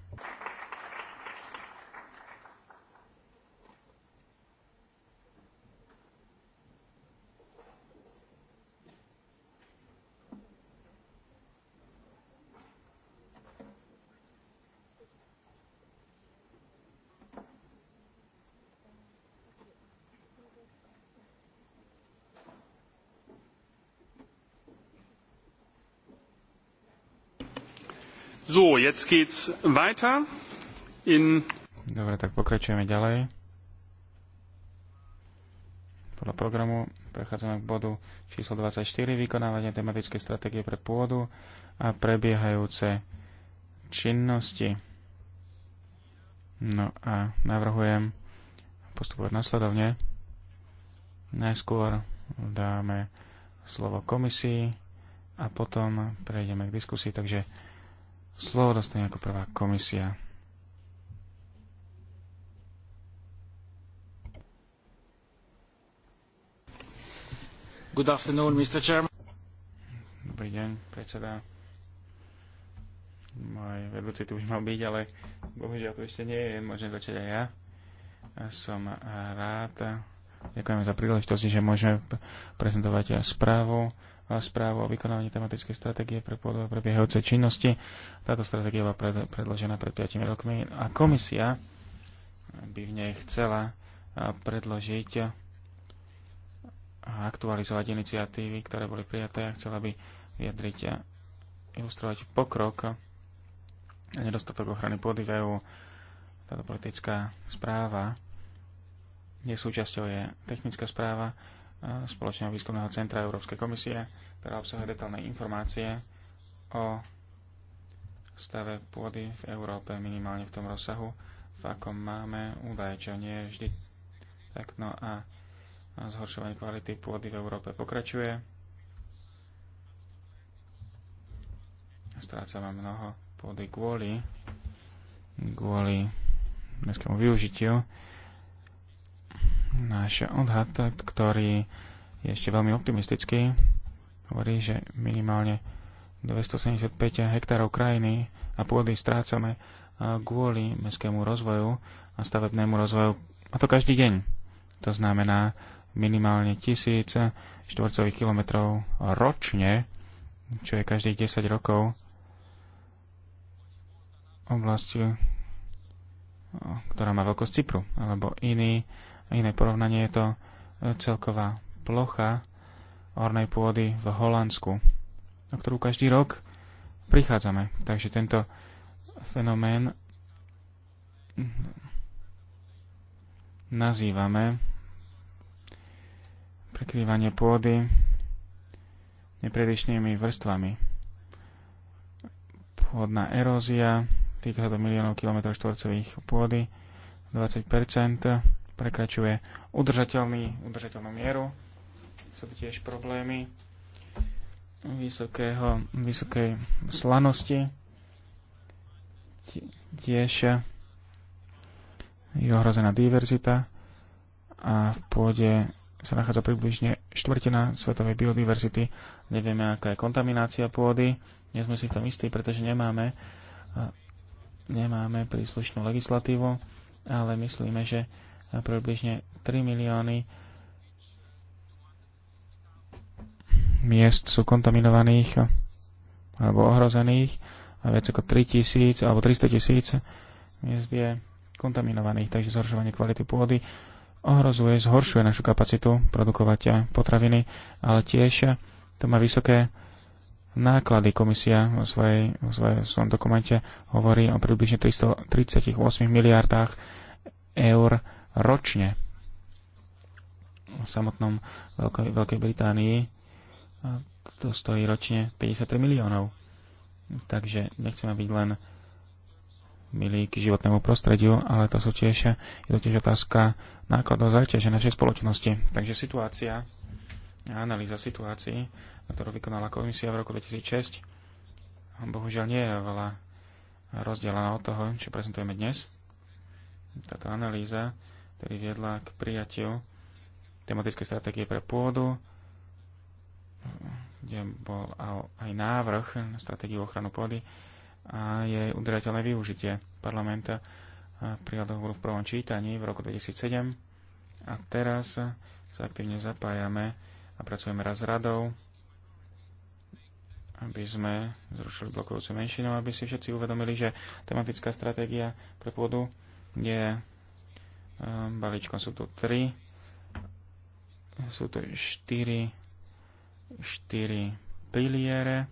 So, jetzt geht's weiter in... Dobre, tak pokračujeme ďalej. Podľa programu prechádzame k bodu číslo 24, vykonávanie tematickej stratégie pre pôdu a prebiehajúce činnosti. No a navrhujem postupovať nasledovne. Najskôr dáme slovo komisii a potom prejdeme k diskusii, takže Slovo dostane ako prvá komisia. Good afternoon, Mr. Chairman. Dobrý deň, predseda. Môj vedúci tu už mal byť, ale bohužiaľ tu ešte nie je, môžem začať aj ja. Som rád. Ďakujem za príležitosť, že môžeme prezentovať správu správu o vykonávaní tematickej stratégie pre pôdu prebiehajúce činnosti. Táto stratégia bola predložená pred 5 rokmi a komisia by v nej chcela predložiť a aktualizovať iniciatívy, ktoré boli prijaté a chcela by vyjadriť a ilustrovať pokrok a nedostatok ochrany pôdy v EU. Táto politická správa, jej súčasťou je technická správa, Spoločného výskumného centra Európskej komisie, ktorá obsahuje detálne informácie o stave pôdy v Európe minimálne v tom rozsahu, v akom máme údaje, čo nie je vždy tak. No a zhoršovanie kvality pôdy v Európe pokračuje. Strácame mnoho pôdy kvôli, kvôli mestskému využitiu náš odhad, ktorý je ešte veľmi optimistický, hovorí, že minimálne 275 hektárov krajiny a pôdy strácame e, kvôli mestskému rozvoju a stavebnému rozvoju. A to každý deň. To znamená minimálne tisíc štvorcových kilometrov ročne, čo je každých 10 rokov oblasti, e, ktorá má veľkosť Cypru, alebo iný Iné porovnanie je to e, celková plocha hornej pôdy v Holandsku, o ktorú každý rok prichádzame. Takže tento fenomén nazývame prekrývanie pôdy nepredišnými vrstvami. Pôdna erózia, týka sa miliónov kilometrov štvorcových pôdy, 20 prekračuje udržateľný, udržateľnú mieru. Sú tu tiež problémy vysokého, vysokej slanosti. Tiež je ohrozená diverzita a v pôde sa nachádza približne štvrtina svetovej biodiverzity. Nevieme, aká je kontaminácia pôdy. Nie sme si v tom istí, pretože nemáme, nemáme príslušnú legislatívu, ale myslíme, že na približne 3 milióny miest sú kontaminovaných alebo ohrozených a viac ako 3 tisíc alebo 300 tisíc miest je kontaminovaných, takže zhoršovanie kvality pôdy ohrozuje, zhoršuje našu kapacitu produkovať potraviny, ale tiež to má vysoké náklady. Komisia vo, svojej, vo svojej, svojom dokumente hovorí o približne 338 miliardách eur ročne. V samotnom Veľkej, Veľkej Británii to stojí ročne 53 miliónov. Takže nechceme byť len milí k životnému prostrediu, ale to sú tiež, je to tiež otázka nákladov záťaže našej spoločnosti. Takže situácia a analýza situácií, ktorú vykonala komisia v roku 2006, bohužiaľ nie je veľa rozdelená od toho, čo prezentujeme dnes. Táto analýza ktorý viedla k prijatiu tematickej stratégie pre pôdu, kde bol aj návrh na stratégiu ochranu pôdy a jej udržateľné využitie parlamenta eh, prijal dohovoru v prvom čítaní v roku 2007 a teraz sa aktívne zapájame a pracujeme raz s radou, aby sme zrušili blokujúcu menšinu, aby si všetci uvedomili, že tematická stratégia pre pôdu je Ehm, balíčkom sú tu 3, sú tu 4, 4 piliere.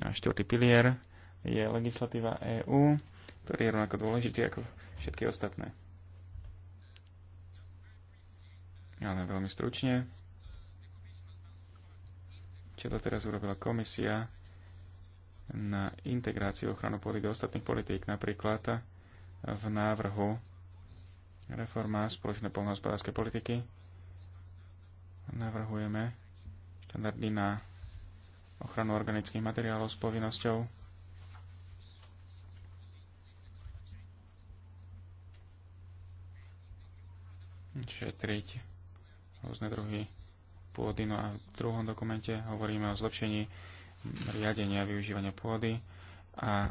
No a štvrtý pilier je legislatíva EÚ, ktorý je rovnako dôležitý ako všetky ostatné. Ale veľmi stručne. Čo to teraz urobila komisia na integráciu ochranu pôdy do ostatných politík, napríklad v návrhu reforma spoločnej poľnohospodárskej politiky. Navrhujeme štandardy na ochranu organických materiálov s povinnosťou šetriť rôzne druhy pôdy. No a v druhom dokumente hovoríme o zlepšení riadenia a využívania pôdy a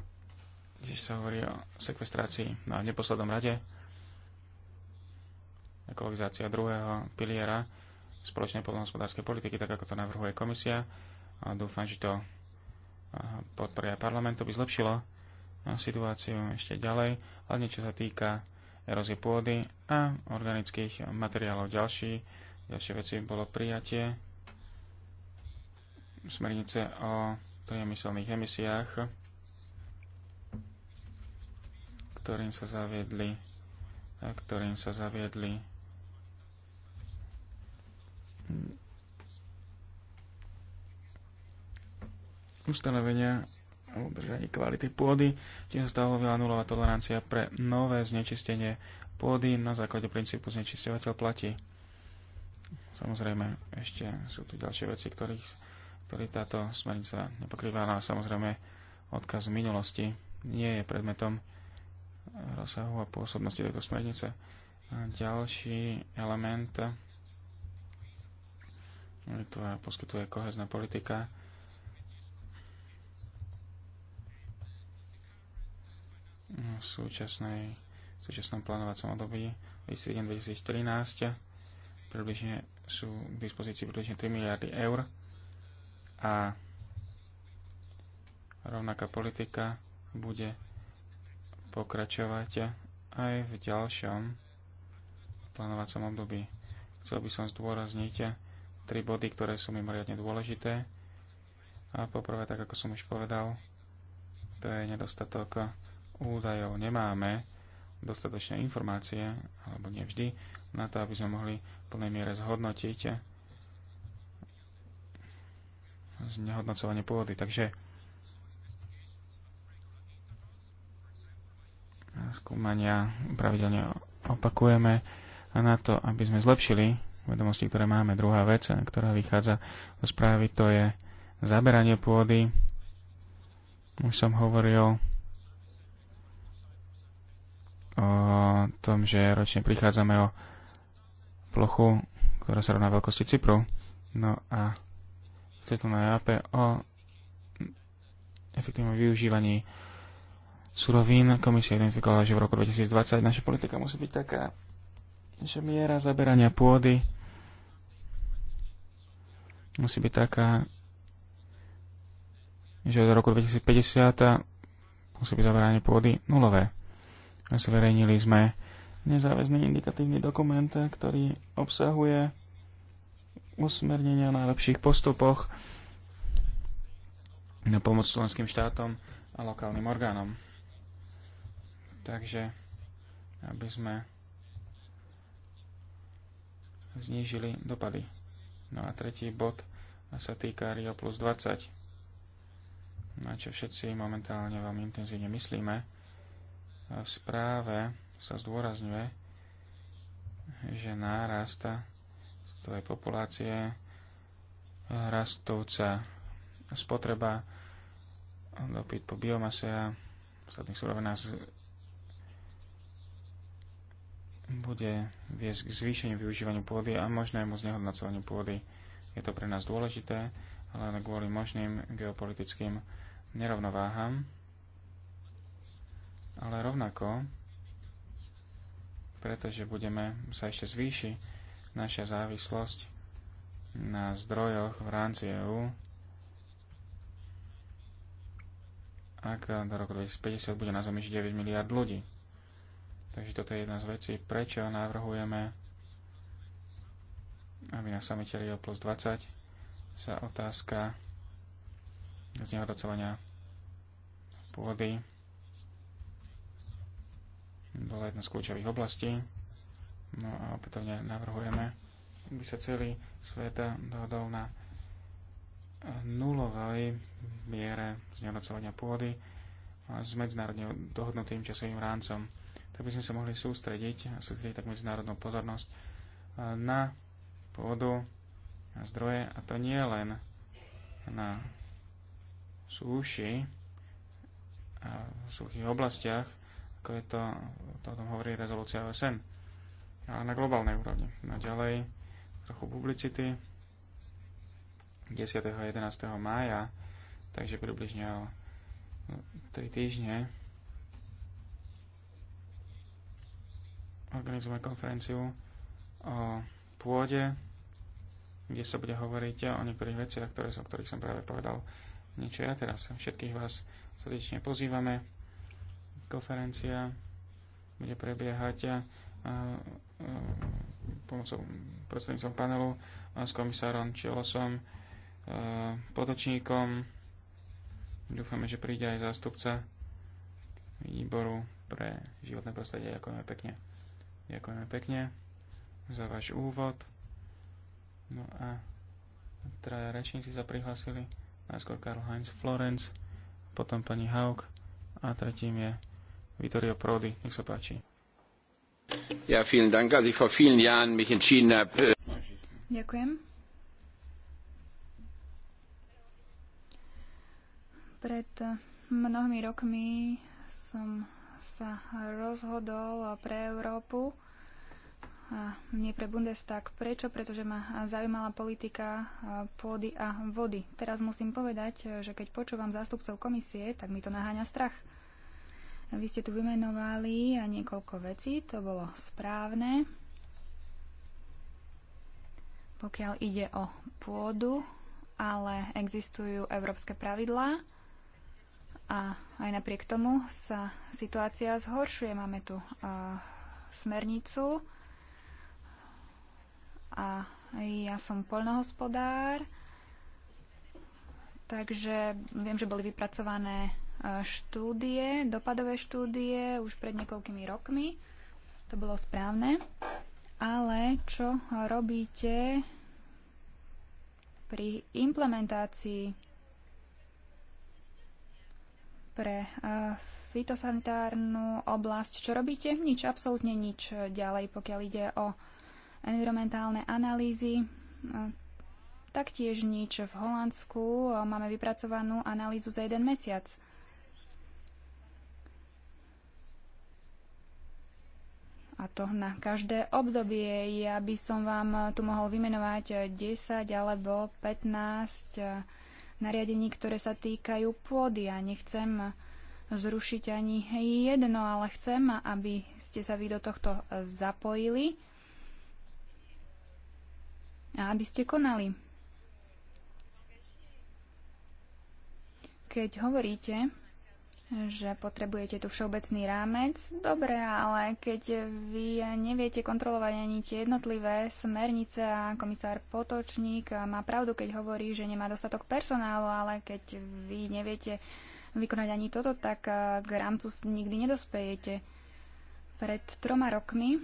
tiež sa hovorí o sekvestrácii. No a v neposlednom rade ekologizácia druhého piliera spoločnej poľnohospodárskej politiky, tak ako to navrhuje komisia. A dúfam, že to podporia parlamentu by zlepšilo situáciu ešte ďalej, hlavne čo sa týka erózie pôdy a organických materiálov. Ďalší, ďalšie veci bolo prijatie smernice o priemyselných emisiách, ktorým sa zaviedli, ktorým sa zaviedli Hm. ustanovenia o udržaní kvality pôdy, tým sa stanovila nulová tolerancia pre nové znečistenie pôdy na základe princípu znečisťovateľ platí. Samozrejme, ešte sú tu ďalšie veci, ktorých, ktorý táto smernica nepokrýva, a samozrejme odkaz minulosti nie je predmetom rozsahu a pôsobnosti tejto smernice. ďalší element Litva poskytuje kohezná politika. V, súčasnej, v súčasnom plánovacom období v 2013 približne sú k dispozícii približne 3 miliardy eur a rovnaká politika bude pokračovať aj v ďalšom plánovacom období. Chcel by som zdôrazniť tri body, ktoré sú mimoriadne dôležité. A poprvé, tak ako som už povedal, to je nedostatok údajov. Nemáme dostatočné informácie, alebo nevždy, na to, aby sme mohli v plnej miere zhodnotiť znehodnocovanie pôdy. Takže skúmania pravidelne opakujeme na to, aby sme zlepšili Vedomosti, ktoré máme. Druhá vec, ktorá vychádza zo správy, to je zaberanie pôdy. Už som hovoril o tom, že ročne prichádzame o plochu, ktorá sa rovná veľkosti Cypru. No a v na JAP o efektívnom využívaní surovín komisia identifikovala, že v roku 2020 naša politika musí byť taká, že miera zaberania pôdy musí byť taká, že do roku 2050 musí byť zaberanie pôdy nulové. Zverejnili sme nezáväzný indikatívny dokument, ktorý obsahuje usmernenia na lepších postupoch na pomoc členským štátom a lokálnym orgánom. Takže, aby sme znížili dopady. No a tretí bod sa týka Rio plus 20, na čo všetci momentálne veľmi intenzívne myslíme. V správe sa zdôrazňuje, že nárasta svojej populácie, rastúca spotreba, dopyt po biomase a ostatných surovinách bude viesť k zvýšeniu využívania pôdy a možnému znehodnocovaniu pôdy. Je to pre nás dôležité, ale len kvôli možným geopolitickým nerovnováham. Ale rovnako, pretože budeme sa ešte zvýši naša závislosť na zdrojoch v rámci EÚ, ak do roku 2050 bude na Zemi 9 miliard ľudí. Takže toto je jedna z vecí, prečo navrhujeme, aby na samite Rio plus 20 sa otázka znehodnocovania pôdy bola jedna z kľúčových oblastí. No a opätovne navrhujeme, aby sa celý svet dohodol na nulovej miere znehodnocovania pôdy s medzinárodne dohodnutým časovým rámcom tak by sme sa mohli sústrediť, a sústrediť tak medzinárodnú pozornosť e, na pôdu, na zdroje a to nie len na súši a v suchých oblastiach, ako je to, to o tom hovorí rezolúcia OSN, ale na globálnej úrovni. No ďalej trochu publicity 10. a 11. mája, takže približne o 3 týždne organizujeme konferenciu o pôde, kde sa bude hovoriť o niektorých veciach, ktoré, o ktorých som práve povedal niečo ja teraz. Všetkých vás srdečne pozývame. Konferencia bude prebiehať pomocou prostredníctvom panelu s komisárom Čelosom, potočníkom. Dúfame, že príde aj zástupca výboru pre životné prostredie. Ďakujeme pekne. Ďakujeme pekne za váš úvod. No a traja rečníci sa prihlasili. Najskôr Karl Heinz Florence, potom pani Haug a tretím je Vittorio Prodi. Nech sa páči. Ja, vielen Dank, als ich vor vielen Jahren mich entschieden habe. Äh, Ďakujem. Pred mnohými rokmi som sa rozhodol pre Európu a nie pre Bundestag. Prečo? Pretože ma zaujímala politika pôdy a vody. Teraz musím povedať, že keď počúvam zástupcov komisie, tak mi to naháňa strach. Vy ste tu vymenovali niekoľko vecí, to bolo správne. Pokiaľ ide o pôdu, ale existujú európske pravidlá, a aj napriek tomu sa situácia zhoršuje. Máme tu uh, smernicu a ja som poľnohospodár, takže viem, že boli vypracované uh, štúdie, dopadové štúdie už pred niekoľkými rokmi. To bolo správne. Ale čo robíte pri implementácii pre fitosanitárnu oblasť. Čo robíte? Nič, absolútne nič ďalej, pokiaľ ide o environmentálne analýzy. Taktiež nič v Holandsku. Máme vypracovanú analýzu za jeden mesiac. A to na každé obdobie. Ja by som vám tu mohol vymenovať 10 alebo 15 nariadení, ktoré sa týkajú pôdy. Ja nechcem zrušiť ani jedno, ale chcem, aby ste sa vy do tohto zapojili a aby ste konali. Keď hovoríte, že potrebujete tu všeobecný rámec. Dobre, ale keď vy neviete kontrolovať ani tie jednotlivé smernice a komisár Potočník má pravdu, keď hovorí, že nemá dostatok personálu, ale keď vy neviete vykonať ani toto, tak k rámcu nikdy nedospejete. Pred troma rokmi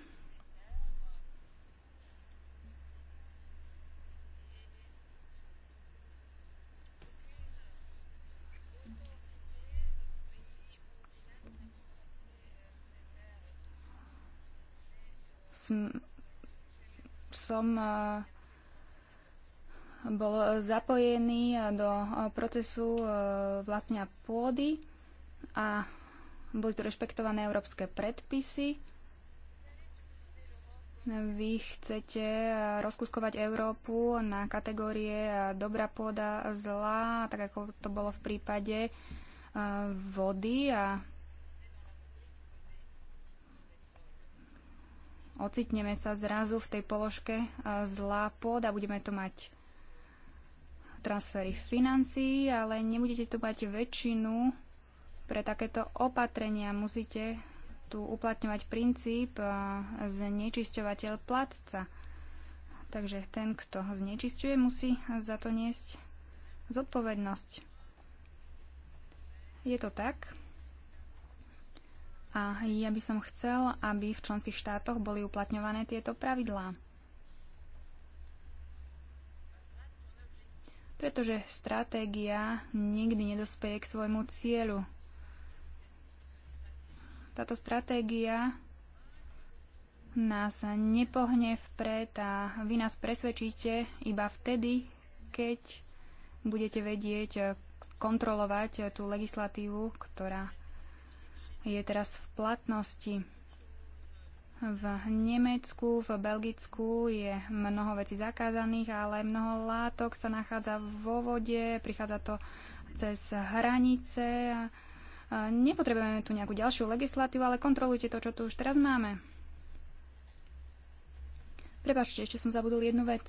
som e, bol zapojený do procesu e, vlastnia pôdy a boli tu rešpektované európske predpisy. Vy chcete e, rozkuskovať Európu na kategórie dobrá pôda, zlá, tak ako to bolo v prípade vody a ocitneme sa zrazu v tej položke eh, zlá pôda, budeme to mať transfery financií, ale nebudete tu mať väčšinu pre takéto opatrenia. Musíte tu uplatňovať princíp eh, znečisťovateľ platca. Takže ten, kto znečisťuje, musí za to niesť zodpovednosť. Je to tak? A ja by som chcel, aby v členských štátoch boli uplatňované tieto pravidlá. Pretože stratégia nikdy nedospeje k svojmu cieľu. Táto stratégia nás nepohne vpred a vy nás presvedčíte iba vtedy, keď budete vedieť kontrolovať tú legislatívu, ktorá je teraz v platnosti. V Nemecku, v Belgicku je mnoho vecí zakázaných, ale mnoho látok sa nachádza vo vode, prichádza to cez hranice. Nepotrebujeme tu nejakú ďalšiu legislatívu, ale kontrolujte to, čo tu už teraz máme. Prepačte, ešte som zabudol jednu vec.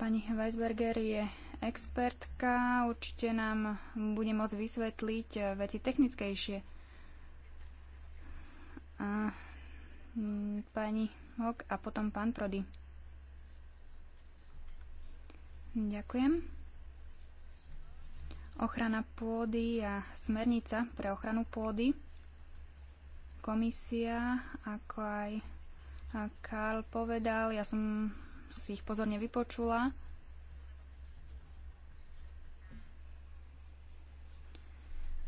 Pani Weisberger je expertka určite nám bude môcť vysvetliť eh, veci technickejšie. A, mm, pani Hok a potom pán Prody. Ďakujem. Ochrana pôdy a smernica pre ochranu pôdy. Komisia, ako aj eh, Karl povedal, ja som si ich pozorne vypočula.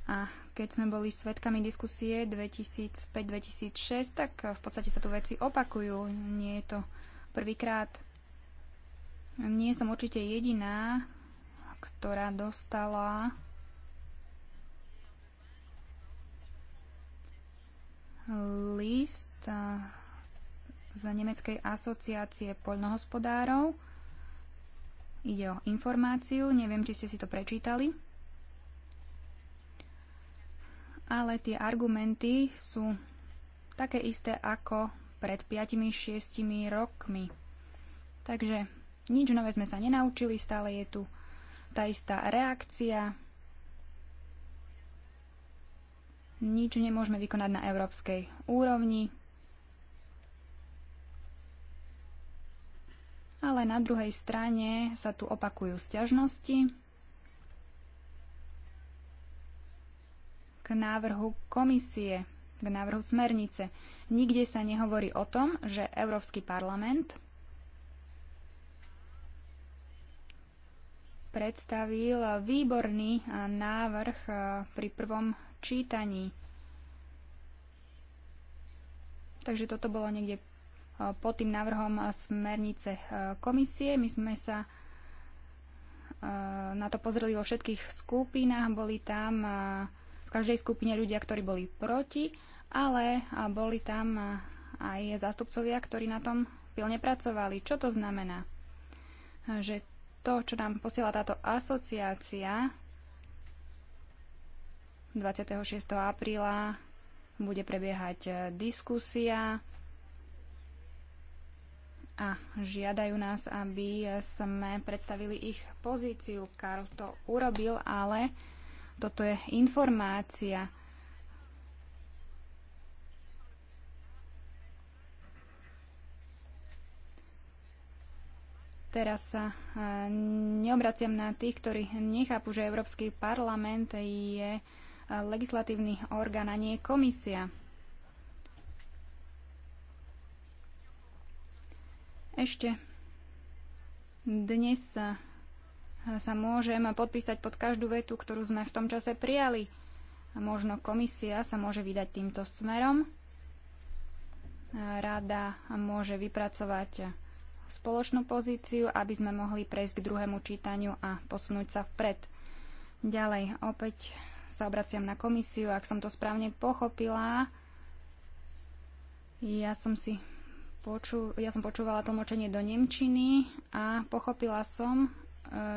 A keď sme boli svetkami diskusie 2005-2006, tak v podstate sa tu veci opakujú. Nie je to prvýkrát. Nie som určite jediná, ktorá dostala list z Nemeckej asociácie poľnohospodárov. Ide o informáciu, neviem, či ste si to prečítali ale tie argumenty sú také isté ako pred 5-6 rokmi. Takže nič nové sme sa nenaučili, stále je tu tá istá reakcia. Nič nemôžeme vykonať na európskej úrovni. Ale na druhej strane sa tu opakujú sťažnosti. k návrhu komisie, k návrhu smernice. Nikde sa nehovorí o tom, že Európsky parlament predstavil výborný návrh pri prvom čítaní. Takže toto bolo niekde pod tým návrhom smernice komisie. My sme sa na to pozreli vo všetkých skupinách, boli tam každej skupine ľudia, ktorí boli proti, ale boli tam aj zástupcovia, ktorí na tom pilne pracovali. Čo to znamená? Že to, čo nám posiela táto asociácia 26. apríla, bude prebiehať e, diskusia a žiadajú nás, aby sme predstavili ich pozíciu. Karl to urobil, ale toto je informácia. Teraz sa e, neobraciam na tých, ktorí nechápu, že Európsky parlament je e, legislatívny orgán a nie komisia. Ešte dnes e, sa môžem podpísať pod každú vetu, ktorú sme v tom čase prijali. A možno komisia sa môže vydať týmto smerom. Rada môže vypracovať spoločnú pozíciu, aby sme mohli prejsť k druhému čítaniu a posunúť sa vpred. Ďalej, opäť sa obraciam na komisiu, ak som to správne pochopila. Ja som si poču, ja som počúvala tlmočenie do Nemčiny a pochopila som,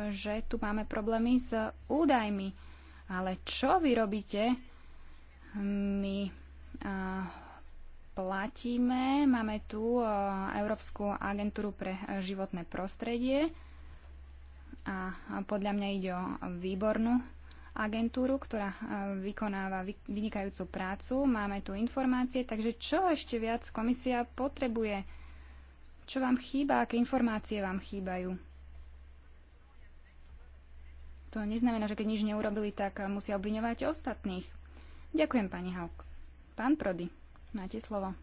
že tu máme problémy s údajmi. Ale čo vy robíte? My platíme, máme tu Európsku agentúru pre životné prostredie a podľa mňa ide o výbornú agentúru, ktorá vykonáva vynikajúcu prácu. Máme tu informácie, takže čo ešte viac komisia potrebuje? Čo vám chýba? Aké informácie vám chýbajú? To neznamená, že keď nič neurobili, tak musia obviňovať ostatných. Ďakujem, pani Hauk. Pán Prody, máte slovo.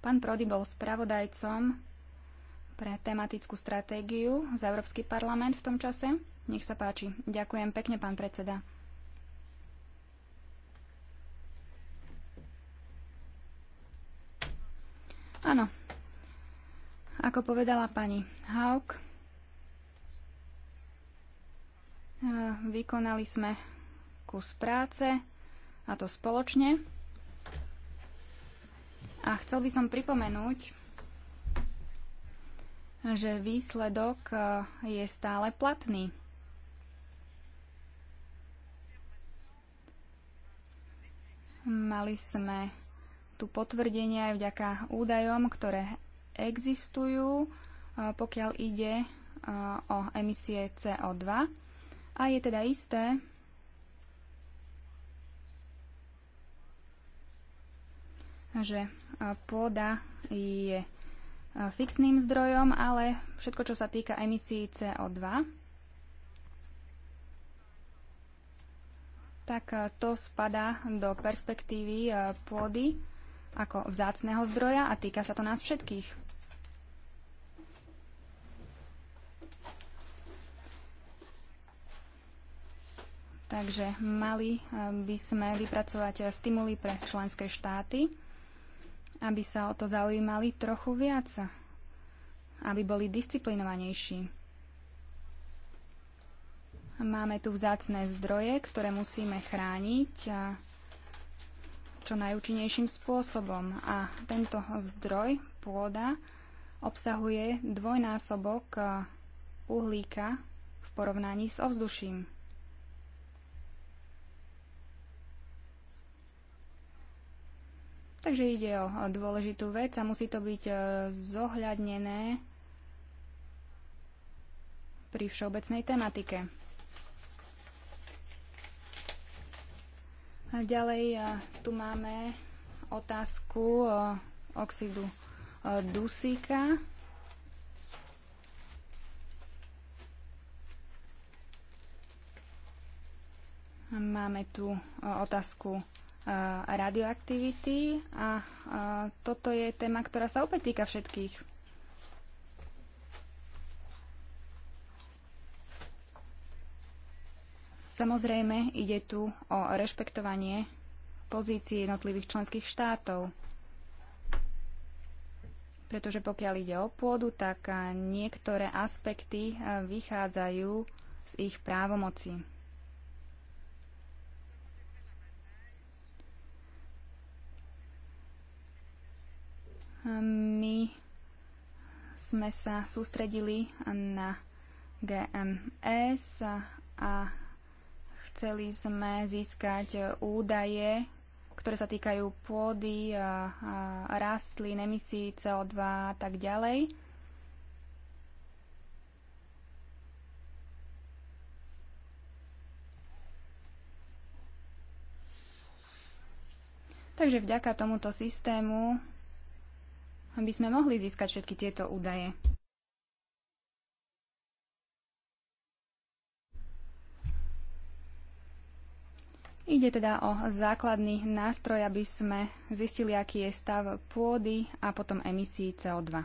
Pán Prody bol spravodajcom pre tematickú stratégiu za Európsky parlament v tom čase. Nech sa páči. Ďakujem pekne, pán predseda. Áno. Ako povedala pani Hauk, Vykonali sme kus práce, a to spoločne. A chcel by som pripomenúť, že výsledok e, je stále platný. Mali sme tu potvrdenie aj vďaka údajom, ktoré existujú, e, pokiaľ ide e, o emisie CO2 a je teda isté, že pôda je fixným zdrojom, ale všetko, čo sa týka emisí CO2, tak to spadá do perspektívy pôdy ako vzácného zdroja a týka sa to nás všetkých. Takže mali eh, by sme vypracovať eh, stimuly pre členské štáty, aby sa o to zaujímali trochu viac, aby boli disciplinovanejší. Máme tu vzácné zdroje, ktoré musíme chrániť eh, čo najúčinnejším spôsobom. A tento zdroj, pôda, obsahuje dvojnásobok uhlíka v porovnaní s ovzduším. Takže ide o dôležitú vec a musí to byť e, zohľadnené pri všeobecnej tematike. A ďalej e, tu máme otázku e, oxidu dusíka. Máme tu otázku radioaktivity a toto je téma, ktorá sa opäť týka všetkých. Samozrejme, ide tu o rešpektovanie pozícií jednotlivých členských štátov. Pretože pokiaľ ide o pôdu, tak niektoré aspekty vychádzajú z ich právomoci. My sme sa sústredili na GMS a chceli sme získať údaje, ktoré sa týkajú pôdy, rastlín, emisí CO2 a tak ďalej. Takže vďaka tomuto systému aby sme mohli získať všetky tieto údaje. Ide teda o základný nástroj, aby sme zistili, aký je stav pôdy a potom emisí CO2.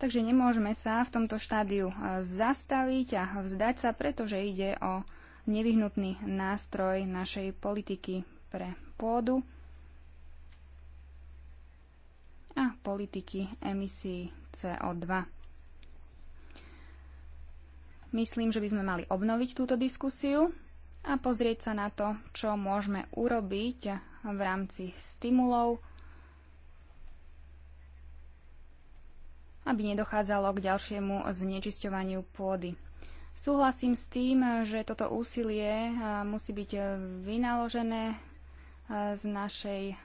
Takže nemôžeme sa v tomto štádiu e, zastaviť a vzdať sa, pretože ide o nevyhnutný nástroj našej politiky pre pôdu a politiky emisí CO2. Myslím, že by sme mali obnoviť túto diskusiu a pozrieť sa na to, čo môžeme urobiť v rámci stimulov, aby nedochádzalo k ďalšiemu znečisťovaniu pôdy. Súhlasím s tým, že toto úsilie musí byť e, vynaložené e, z našej e,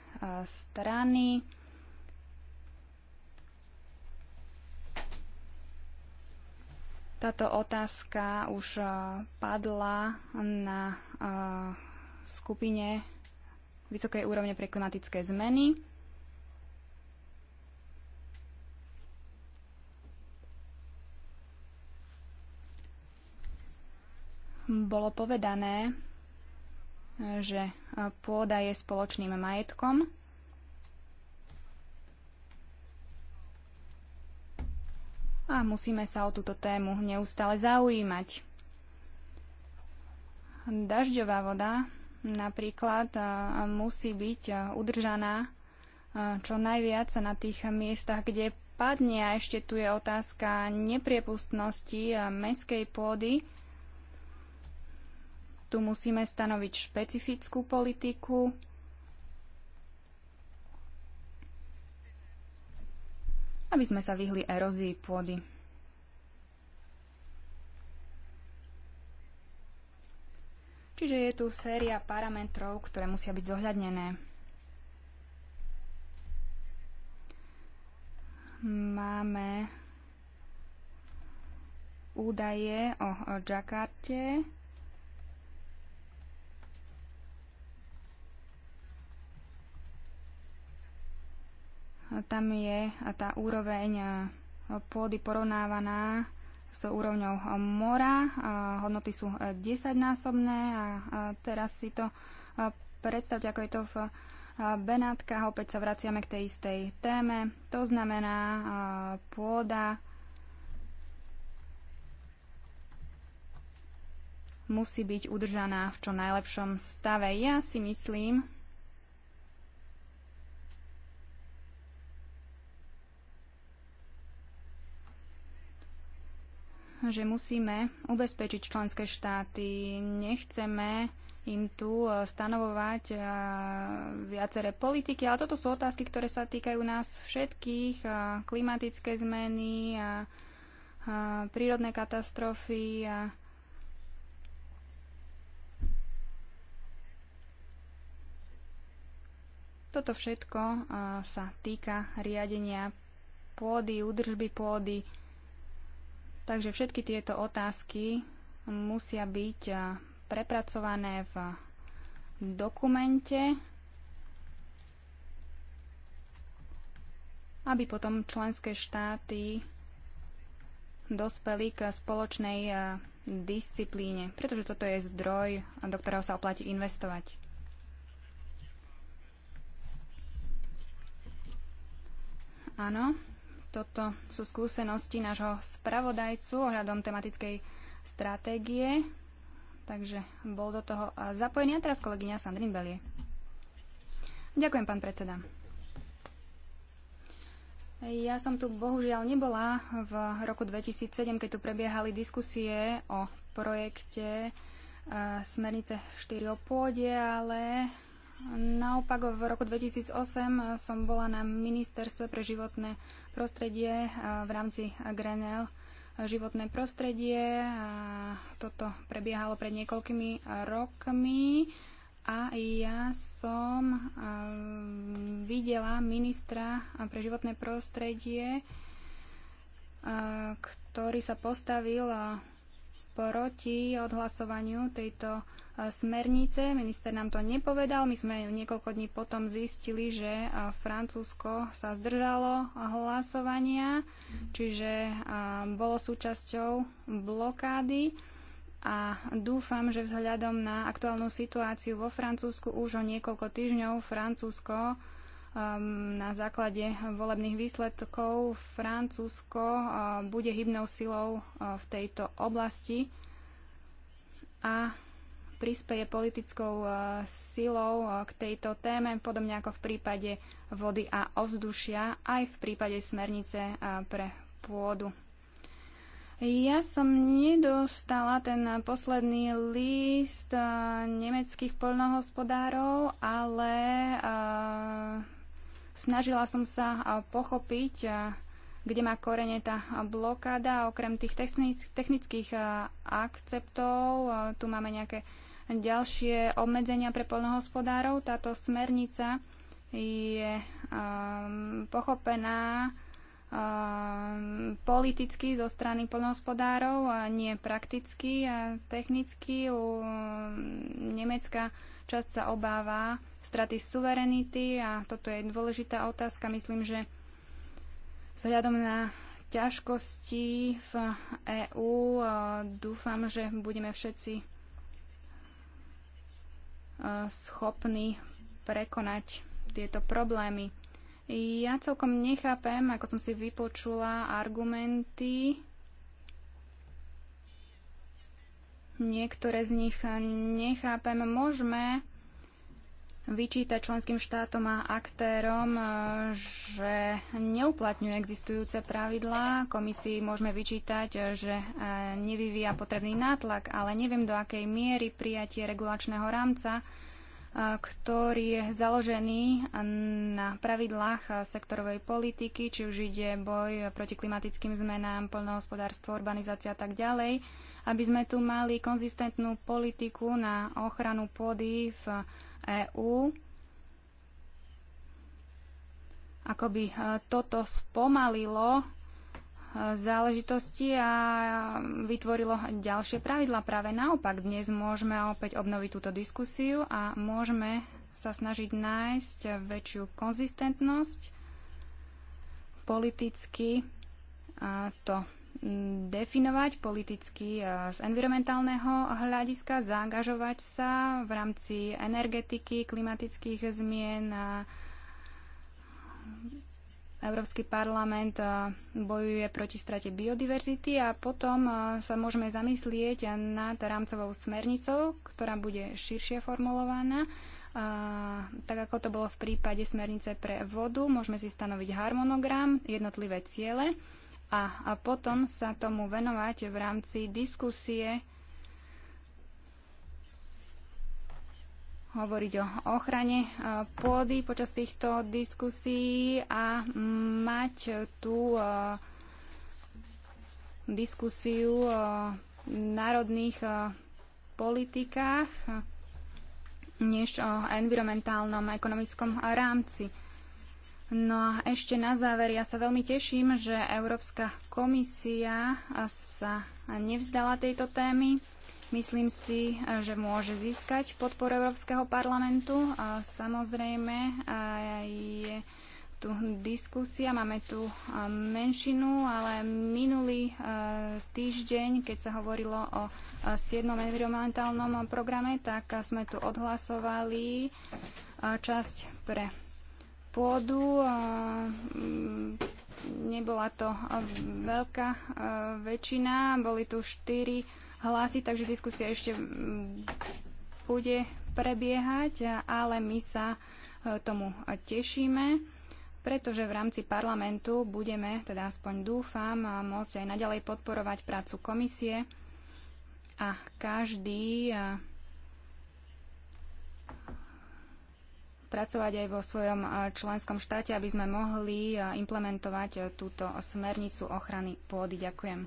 strany. Táto otázka už padla na skupine vysokej úrovne pre klimatické zmeny. bolo povedané, že pôda je spoločným majetkom. A musíme sa o túto tému neustále zaujímať. Dažďová voda napríklad musí byť udržaná čo najviac na tých miestach, kde padne. A ešte tu je otázka nepriepustnosti meskej pôdy tu musíme stanoviť špecifickú politiku. aby sme sa vyhli erózii pôdy. Čiže je tu séria parametrov, ktoré musia byť zohľadnené. Máme údaje o Jakarte, Tam je tá úroveň pôdy porovnávaná s úrovňou mora. Hodnoty sú 10-násobné e, a teraz si to e, predstavte, ako je to v e, Benátkach. Opäť sa vraciame k tej istej téme. To znamená pôda musí byť udržaná v čo najlepšom stave. Ja si myslím, že musíme ubezpečiť členské štáty. Nechceme im tu e, stanovovať e, viaceré politiky, ale toto sú otázky, ktoré sa týkajú nás všetkých, e, klimatické zmeny a prírodné katastrofy a Toto všetko sa týka riadenia pôdy, údržby pôdy, Takže všetky tieto otázky musia byť prepracované v dokumente, aby potom členské štáty dospeli k spoločnej disciplíne, pretože toto je zdroj, do ktorého sa oplatí investovať. Áno. Toto sú skúsenosti nášho spravodajcu ohľadom tematickej stratégie. Takže bol do toho zapojený. A teraz kolegyňa Sandrin Belie. Ďakujem, pán predseda. Ja som tu bohužiaľ nebola v roku 2007, keď tu prebiehali diskusie o projekte e, smernice 4 o pôde, ale Naopak v roku 2008 som bola na ministerstve pre životné prostredie v rámci Grenell životné prostredie. a Toto prebiehalo pred niekoľkými rokmi a ja som videla ministra pre životné prostredie, ktorý sa postavil proti odhlasovaniu tejto e, smernice. Minister nám to nepovedal. My sme niekoľko dní potom zistili, že e, Francúzsko sa zdržalo hlasovania, čiže e, bolo súčasťou blokády a dúfam, že vzhľadom na aktuálnu situáciu vo Francúzsku už o niekoľko týždňov Francúzsko Ehm, na základe volebných výsledkov Francúzsko ehm, bude hybnou silou ehm, v tejto oblasti a prispieje politickou silou k tejto téme, podobne ako v prípade vody a ovzdušia, aj v prípade smernice pre pôdu. Ja som nedostala ten posledný list nemeckých poľnohospodárov, ale Snažila som sa pochopiť, kde má korene tá blokáda. Okrem tých technických akceptov, tu máme nejaké ďalšie obmedzenia pre polnohospodárov. Táto smernica je um, pochopená um, politicky zo strany polnohospodárov, a nie prakticky a technicky. U mm, Nemecka Časť sa obáva straty suverenity a toto je dôležitá otázka. Myslím, že vzhľadom na ťažkosti v EÚ e, dúfam, že budeme všetci e, schopní prekonať tieto problémy. Ja celkom nechápem, ako som si vypočula argumenty Niektoré z nich nechápem. Môžeme vyčítať členským štátom a aktérom, e, že neuplatňujú existujúce pravidlá. Komisii môžeme vyčítať, e, že e, nevyvíja potrebný nátlak, ale neviem, do akej miery prijatie regulačného rámca, ktorý je založený na pravidlách sektorovej politiky, či už ide boj proti klimatickým zmenám, poľnohospodárstvo, urbanizácia a tak ďalej, aby sme tu mali konzistentnú politiku na ochranu pôdy v EÚ. Ako by e, toto spomalilo e, záležitosti a vytvorilo ďalšie pravidla. Práve naopak, dnes môžeme opäť obnoviť túto diskusiu a môžeme sa snažiť nájsť väčšiu konzistentnosť politicky. to definovať politicky eh, z environmentálneho hľadiska, zaangažovať sa v rámci energetiky, klimatických zmien. Európsky parlament eh, bojuje proti strate biodiverzity a potom eh, sa môžeme zamyslieť nad rámcovou smernicou, ktorá bude širšie formulovaná. Tak ako to bolo v prípade smernice pre vodu, môžeme si stanoviť harmonogram, jednotlivé ciele a, a potom sa tomu venovať v rámci diskusie, hovoriť o ochrane e, pôdy počas týchto diskusí a mať tú e, diskusiu o e, národných politikách než o environmentálnom ekonomickom rámci. No a ešte na záver, ja sa veľmi teším, že Európska komisia sa nevzdala tejto témy. Myslím si, že môže získať podporu Európskeho parlamentu. A samozrejme, je tu diskusia, máme tu menšinu, ale minulý týždeň, keď sa hovorilo o 7. environmentálnom programe, tak sme tu odhlasovali časť pre pôdu a mm, nebola to veľká väčšina. Boli tu štyri hlasy, takže diskusia ešte mm, bude prebiehať, ale my sa e, tomu tešíme pretože v rámci parlamentu budeme, teda aspoň dúfam, môcť aj naďalej podporovať prácu komisie a každý pracovať aj vo svojom e, členskom štáte, aby sme mohli e, implementovať e, túto smernicu ochrany pôdy. Ďakujem.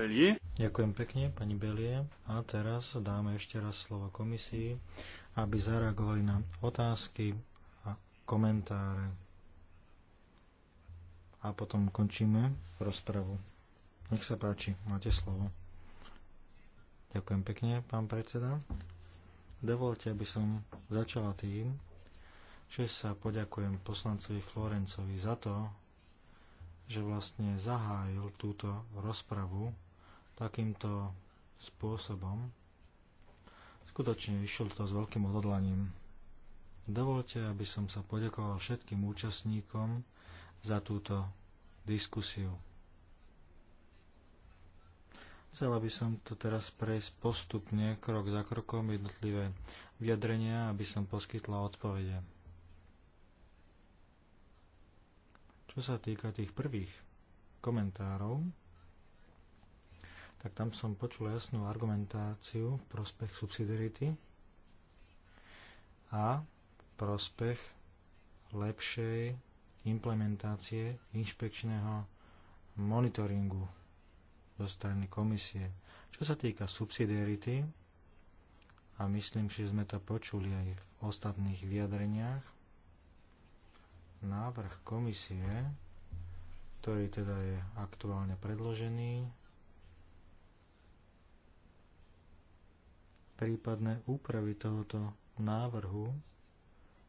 Belie. Ďakujem pekne, pani Belie. A teraz dáme ešte raz slovo komisii, aby zareagovali na otázky a komentáre. A potom končíme rozpravu. Nech sa páči, máte slovo. Ďakujem pekne, pán predseda. Dovolte, aby som začala tým, že sa poďakujem poslancovi Florencovi za to, že vlastne zahájil túto rozpravu takýmto spôsobom. Skutočne išiel to s veľkým odhodlaním. Dovolte, aby som sa poďakoval všetkým účastníkom za túto diskusiu. Chcela by som to teraz prejsť postupne, krok za krokom, jednotlivé vyjadrenia, aby som poskytla odpovede. Čo sa týka tých prvých komentárov, tak tam som počul jasnú argumentáciu v prospech subsidiarity a prospech lepšej implementácie inšpekčného monitoringu zo strany komisie. Čo sa týka subsidiarity, a myslím, že sme to počuli aj v ostatných vyjadreniach, návrh komisie, ktorý teda je aktuálne predložený, prípadné úpravy tohoto návrhu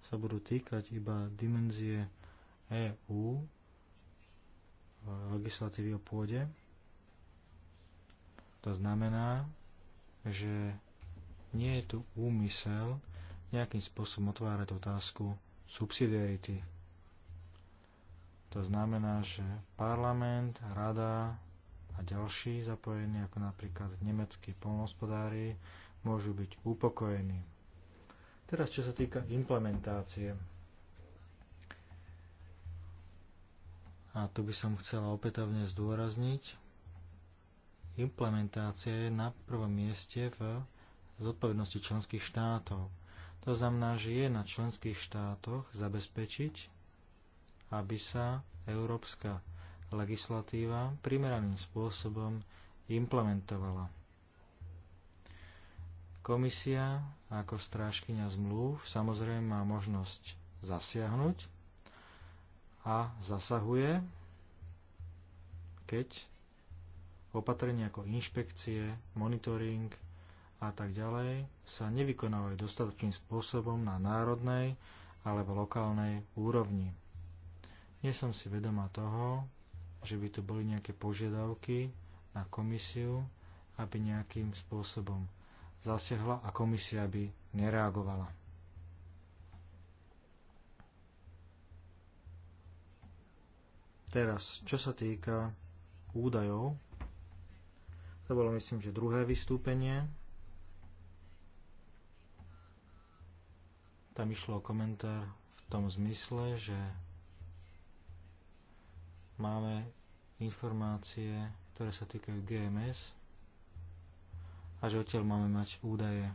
sa budú týkať iba dimenzie EU, legislatívy o pôde, to znamená, že nie je tu úmysel nejakým spôsobom otvárať otázku subsidiarity. To znamená, že parlament, rada a ďalší zapojení, ako napríklad nemeckí polnospodári, môžu byť upokojení. Teraz, čo sa týka implementácie. A tu by som chcela opätovne zdôrazniť, implementácia je na prvom mieste v zodpovednosti členských štátov. To znamená, že je na členských štátoch zabezpečiť, aby sa európska legislatíva primeraným spôsobom implementovala. Komisia ako strážkyňa zmluv samozrejme má možnosť zasiahnuť a zasahuje, keď opatrenia ako inšpekcie, monitoring a tak ďalej sa nevykonávajú dostatočným spôsobom na národnej alebo lokálnej úrovni. Nie som si vedomá toho, že by tu boli nejaké požiadavky na komisiu, aby nejakým spôsobom zasiahla a komisia by nereagovala. Teraz, čo sa týka údajov to bolo, myslím, že druhé vystúpenie. Tam išlo o komentár v tom zmysle, že máme informácie, ktoré sa týkajú GMS a že odtiaľ máme mať údaje.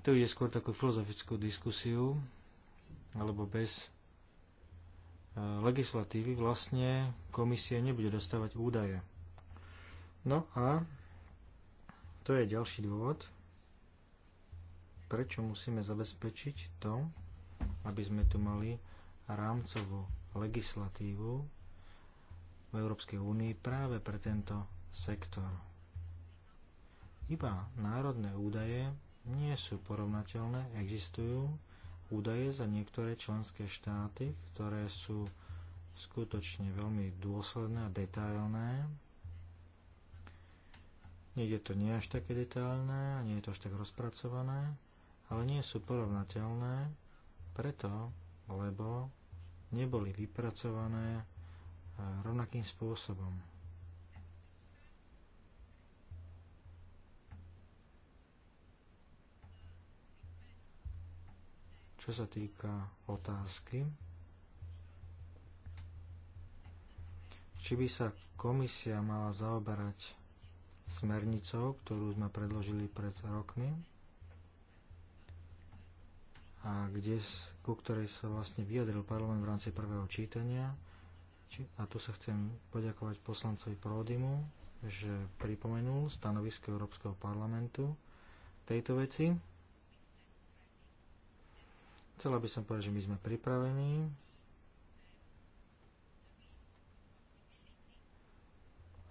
Tu ide skôr takú filozofickú diskusiu, alebo bez legislatívy vlastne komisia nebude dostávať údaje. No a to je ďalší dôvod, prečo musíme zabezpečiť to, aby sme tu mali rámcovú legislatívu v Európskej únii práve pre tento sektor. Iba národné údaje nie sú porovnateľné, existujú údaje za niektoré členské štáty, ktoré sú skutočne veľmi dôsledné a detailné. Niekde to nie je až také detailné a nie je to až tak rozpracované, ale nie sú porovnateľné preto, lebo neboli vypracované eh, rovnakým spôsobom. čo sa týka otázky, či by sa komisia mala zaoberať smernicou, ktorú sme predložili pred rokmi a kde, ku ktorej sa vlastne vyjadril parlament v rámci prvého čítania. A tu sa chcem poďakovať poslancovi Prodimu, že pripomenul stanovisko Európskeho parlamentu tejto veci. Chcela by som povedať, že my sme pripravení.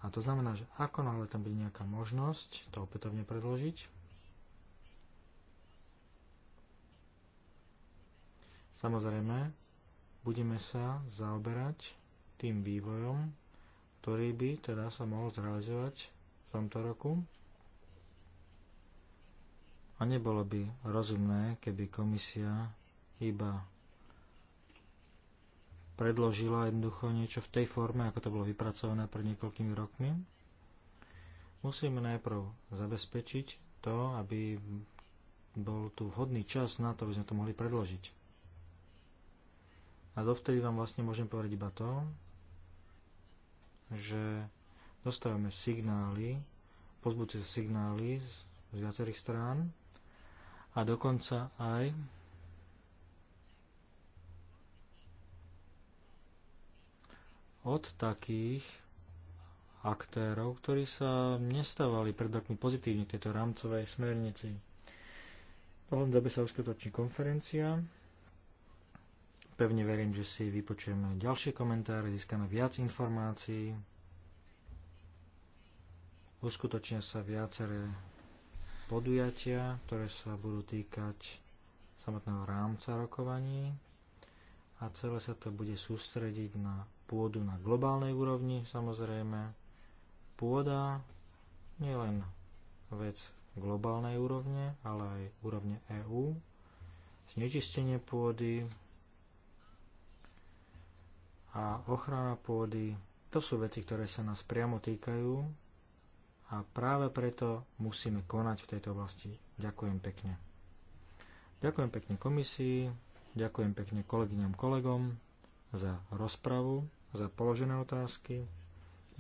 A to znamená, že ako náhle tam bude nejaká možnosť to opätovne predložiť, Samozrejme, budeme sa zaoberať tým vývojom, ktorý by teda sa mohol zrealizovať v tomto roku. A nebolo by rozumné, keby komisia iba predložila jednoducho niečo v tej forme, ako to bolo vypracované pred niekoľkými rokmi. Musíme najprv zabezpečiť to, aby bol tu vhodný čas na to, aby sme to mohli predložiť. A dovtedy vám vlastne môžem povedať iba to, že dostávame signály, pozbudujúce signály z, z viacerých strán a dokonca aj od takých aktérov, ktorí sa nestávali pred rokmi pozitívne v tejto rámcovej smernici. V tom dobe sa uskutoční konferencia. Pevne verím, že si vypočujeme ďalšie komentáre, získame viac informácií. Uskutočnia sa viaceré podujatia, ktoré sa budú týkať samotného rámca rokovaní, a celé sa to bude sústrediť na pôdu na globálnej úrovni, samozrejme. Pôda nie len vec globálnej úrovne, ale aj úrovne EÚ. Znečistenie pôdy a ochrana pôdy, to sú veci, ktoré sa nás priamo týkajú a práve preto musíme konať v tejto oblasti. Ďakujem pekne. Ďakujem pekne komisii, Ďakujem pekne kolegyňam kolegom za rozpravu, za položené otázky.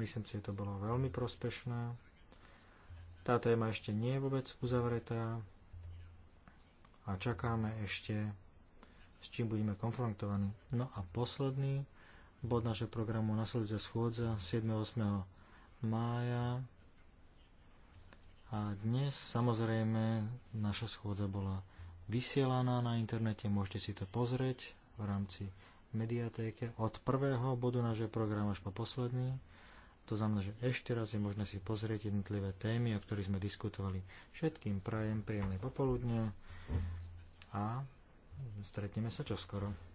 Myslím si, že to bolo veľmi prospešné. Tá téma ešte nie je vôbec uzavretá a čakáme ešte, s čím budeme konfrontovaní. No a posledný bod našeho programu nasledujúca schôdza 7. 8. mája a dnes samozrejme naša schôdza bola vysielaná na internete, môžete si to pozrieť v rámci mediatéke od prvého bodu nášho programu až po posledný. To znamená, že ešte raz je možné si pozrieť jednotlivé témy, o ktorých sme diskutovali. Všetkým prajem príjemné popoludne a stretneme sa čoskoro.